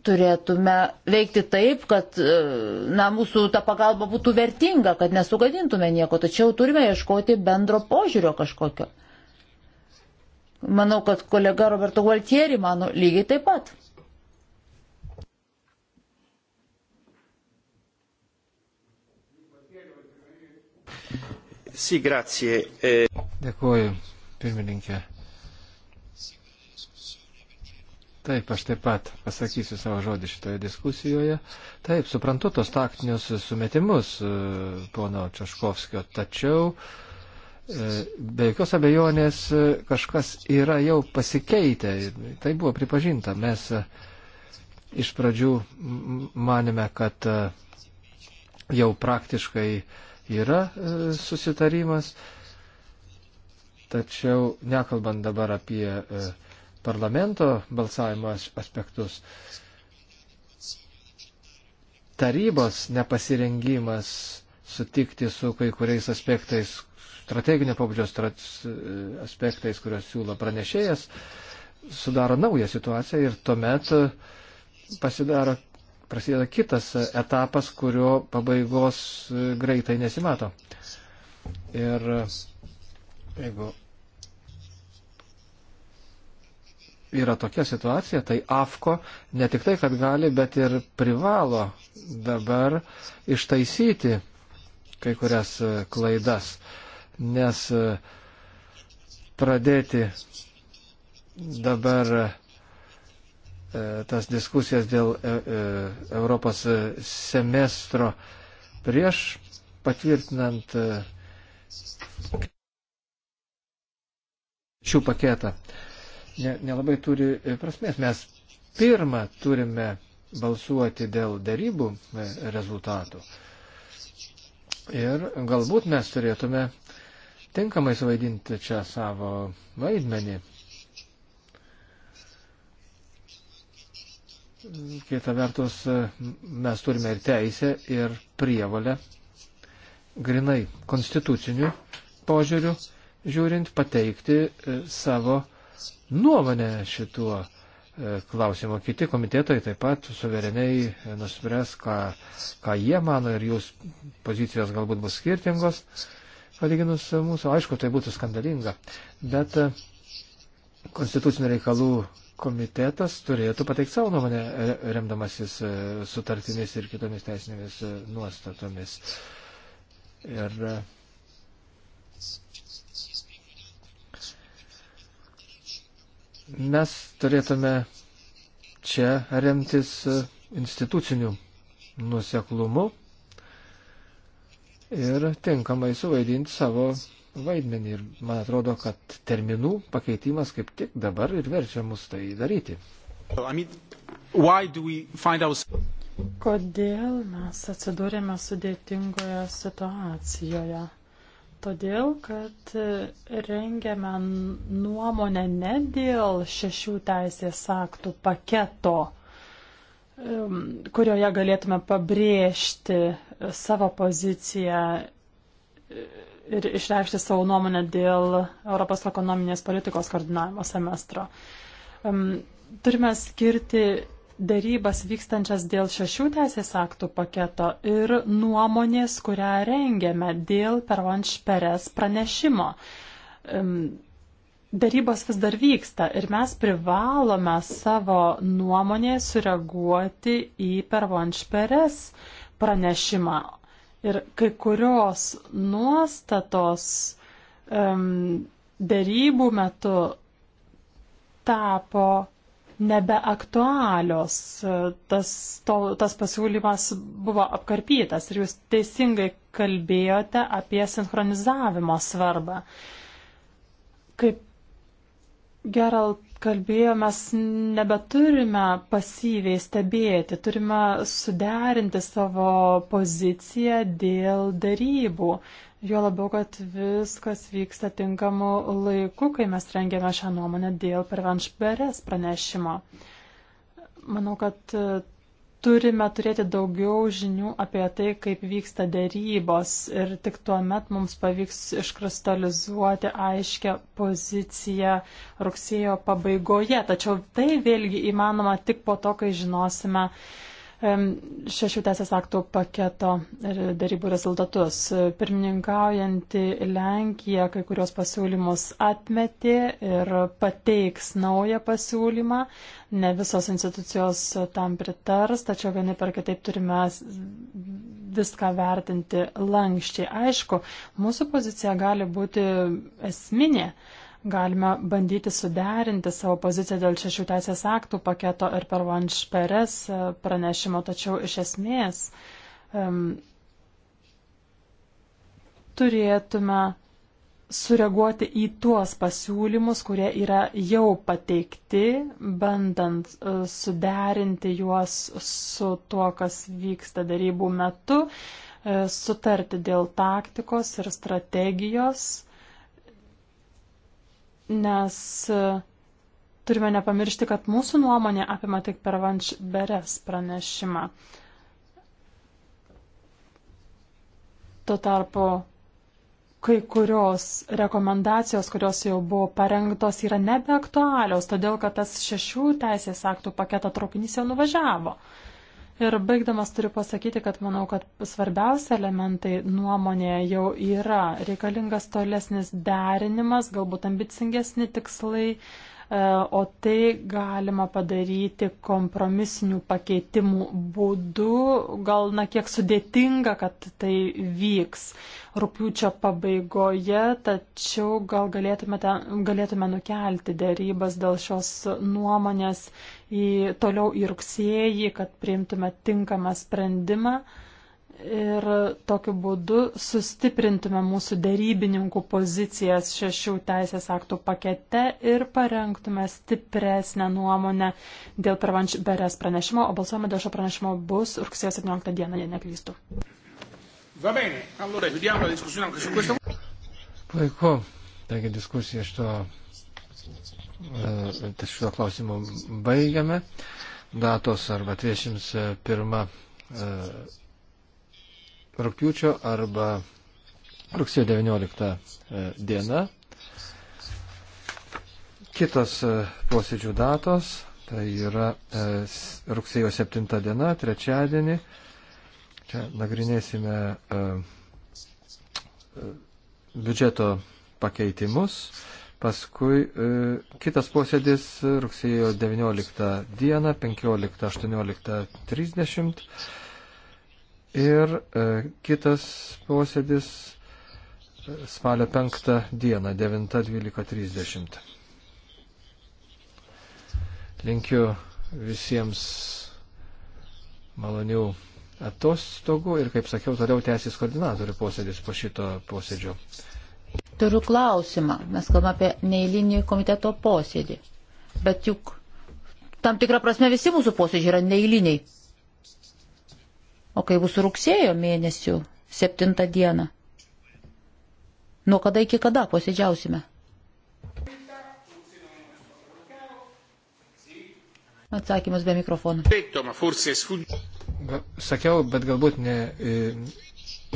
turėtume veikti taip, kad e, na, mūsų ta pagalba būtų vertinga, kad nesugadintume nieko, tačiau turime ieškoti bendro požiūrio kažkokio. Manau, kad kolega Roberto Gualtieri mano lygiai taip pat. Sì, grazie. Eh... Dėkuoju, pirmininkė. Taip, aš taip pat pasakysiu savo žodį šitoje diskusijoje. Taip, suprantu tos taktinius sumetimus e, pono Čaškovskio, tačiau e, be jokios abejonės e, kažkas yra jau pasikeitę. Tai buvo pripažinta. Mes iš pradžių manėme, kad jau praktiškai yra susitarimas, tačiau nekalbant dabar apie parlamento balsavimo aspektus. Tarybos nepasirengimas sutikti su kai kuriais aspektais, strateginio pabudžio strat, aspektais, kuriuos siūlo pranešėjas, sudaro naują situaciją ir tuomet pasidaro, prasideda kitas etapas, kurio pabaigos greitai nesimato. Ir jeigu yra tokia situacija, tai AFKO ne tik tai, kad gali, bet ir privalo dabar ištaisyti kai kurias e, klaidas, nes e, pradėti dabar e, tas diskusijas dėl Europos semestro prieš patvirtinant šių paketą ne, nelabai turi e, prasmės. Mes pirmą turime balsuoti dėl darybų e, rezultatų. Ir galbūt mes turėtume tinkamai suvaidinti čia savo vaidmenį. Kita vertus, e, mes turime ir teisę, ir prievalę, grinai konstitucinių požiūrių žiūrint, pateikti savo nuomonę šituo e, klausimu. Kiti komitetai taip pat suvereniai e, nuspręs, ką, ką jie mano ir jūs pozicijos galbūt bus skirtingos, palyginus mūsų. Aišku, tai būtų skandalinga, bet e, konstitucinio reikalų komitetas turėtų pateikti savo nuomonę, remdamasis sutartimis ir kitomis teisinėmis nuostatomis. Ir Mes turėtume čia remtis e, instituciniu nuseklumu ir tinkamai suvaidinti savo vaidmenį. Ir man atrodo, kad terminų pakeitimas kaip tik dabar ir verčia mus tai daryti. Kodėl mes atsidūrėme sudėtingoje situacijoje? Todėl, kad e, rengiame nuomonę ne dėl šešių teisės aktų paketo, kurioje galėtume pabrėžti e, savo poziciją e, ir išreikšti savo nuomonę dėl Europos ekonominės politikos koordinavimo semestro. Turime skirti darybas vykstančias dėl šešių teisės aktų paketo ir nuomonės, kurią rengėme dėl Pervanš Peres pranešimo. Darybos vis dar vyksta ir mes privalome savo nuomonėje sureaguoti į Pervanš Peres pranešimą. Ir kai kurios nuostatos um, darybų metu tapo nebeaktualios. Tas, to, tas pasiūlymas buvo apkarpytas ir jūs teisingai kalbėjote apie sinchronizavimo svarbą. Kaip Geralt kalbėjo, mes nebeturime pasyviai stebėti, turime suderinti savo poziciją dėl darybų. Jo labiau, kad viskas vyksta tinkamu laiku, kai mes rengėme šią nuomonę dėl pervenšberės pranešimo. Manau, kad e, turime turėti daugiau žinių apie tai, kaip vyksta dėrybos ir tik tuo met mums pavyks iškristalizuoti aiškę poziciją rugsėjo pabaigoje. Tačiau tai vėlgi įmanoma tik po to, kai žinosime, uh, šešių teisės aktų paketo darybų rezultatus. Pirmininkaujanti Lenkija kai kurios pasiūlymus atmetė ir pateiks naują pasiūlymą. Ne visos institucijos tam pritars, tačiau vieni per kitaip turime viską vertinti lankščiai. Aišku, mūsų pozicija gali būti esminė. Galima bandyti suderinti savo poziciją dėl šešių teisės aktų paketo ir per Vanšperes e, pranešimo, tačiau iš esmės um, turėtume sureaguoti į tuos pasiūlymus, kurie yra jau pateikti, bandant e, suderinti juos su tuo, kas vyksta darybų metu, e, sutarti dėl taktikos ir strategijos nes e, turime nepamiršti, kad mūsų nuomonė apima tik per Vanš Beres pranešimą. Tuo tarpu kai kurios rekomendacijos, kurios jau buvo parengtos, yra nebeaktualios, todėl kad tas šešių teisės aktų paketo traukinys jau nuvažiavo. Uh, Ir baigdamas turiu pasakyti, kad manau, kad svarbiausia elementai nuomonėje jau yra reikalingas tolesnis derinimas, galbūt ambicingesni tikslai, e, o tai galima padaryti kompromisinių pakeitimų būdu, gal na kiek sudėtinga, kad tai vyks rūpiučio pabaigoje, tačiau gal galėtume, galėtume nukelti dėrybas dėl šios nuomonės į, toliau į rugsėjį, kad priimtume tinkamą sprendimą ir tokiu būdu sustiprintume mūsų dėrybininkų pozicijas šešių teisės aktų pakete ir parengtume stipresnę nuomonę dėl pervanč berės pranešimo, o balsuojama dėl šio pranešimo bus rugsėjo 17 dieną, jei neklystu. Puiku, taigi diskusija šito E, tai šiuo klausimu baigiame. Datos arba 21 e, rūpiučio arba rugsėjo 19 e, diena. Kitos posėdžių datos, tai yra rugsėjo 7 diena, trečiadienį. Čia nagrinėsime biudžeto pakeitimus. Paskui e, kitas posėdis rugsėjo 19 dieną, 15.18.30. Ir e, kitas posėdis e, spalio 5 dieną, 9.12.30. Linkiu visiems malonių atostogų ir, kaip sakiau, toliau tęsis koordinatorių posėdis po šito posėdžio. Turiu klausimą. Mes kalbame apie neįlinį komiteto posėdį. Bet juk tam tikrą prasme visi mūsų posėdžiai yra neįliniai. O kai bus rugsėjo mėnesių, septintą dieną. Nuo kada iki kada posėdžiausime? Atsakymas be mikrofono. Sakiau, bet galbūt ne. E,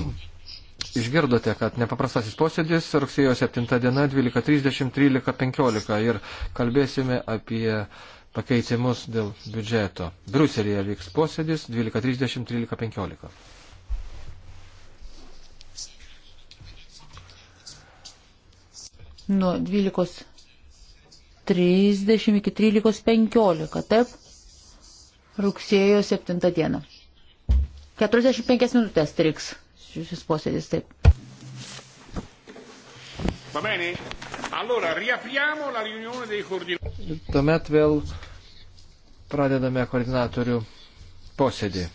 išgirdote, kad nepaprastasis posėdis rugsėjo 7 diena 12.30, 13.15 ir kalbėsime apie pakeitimus dėl biudžeto. Briuselėje vyks posėdis 12.30, 13.15. Nuo 12.30 iki 13.15, taip? Rugsėjo 7 dieną. 45 minutės triks šis posėdis taip. Va bene, allora riapriamo la riunione dei coordinatori. Tuomet vėl pradedame koordinatorių posėdį.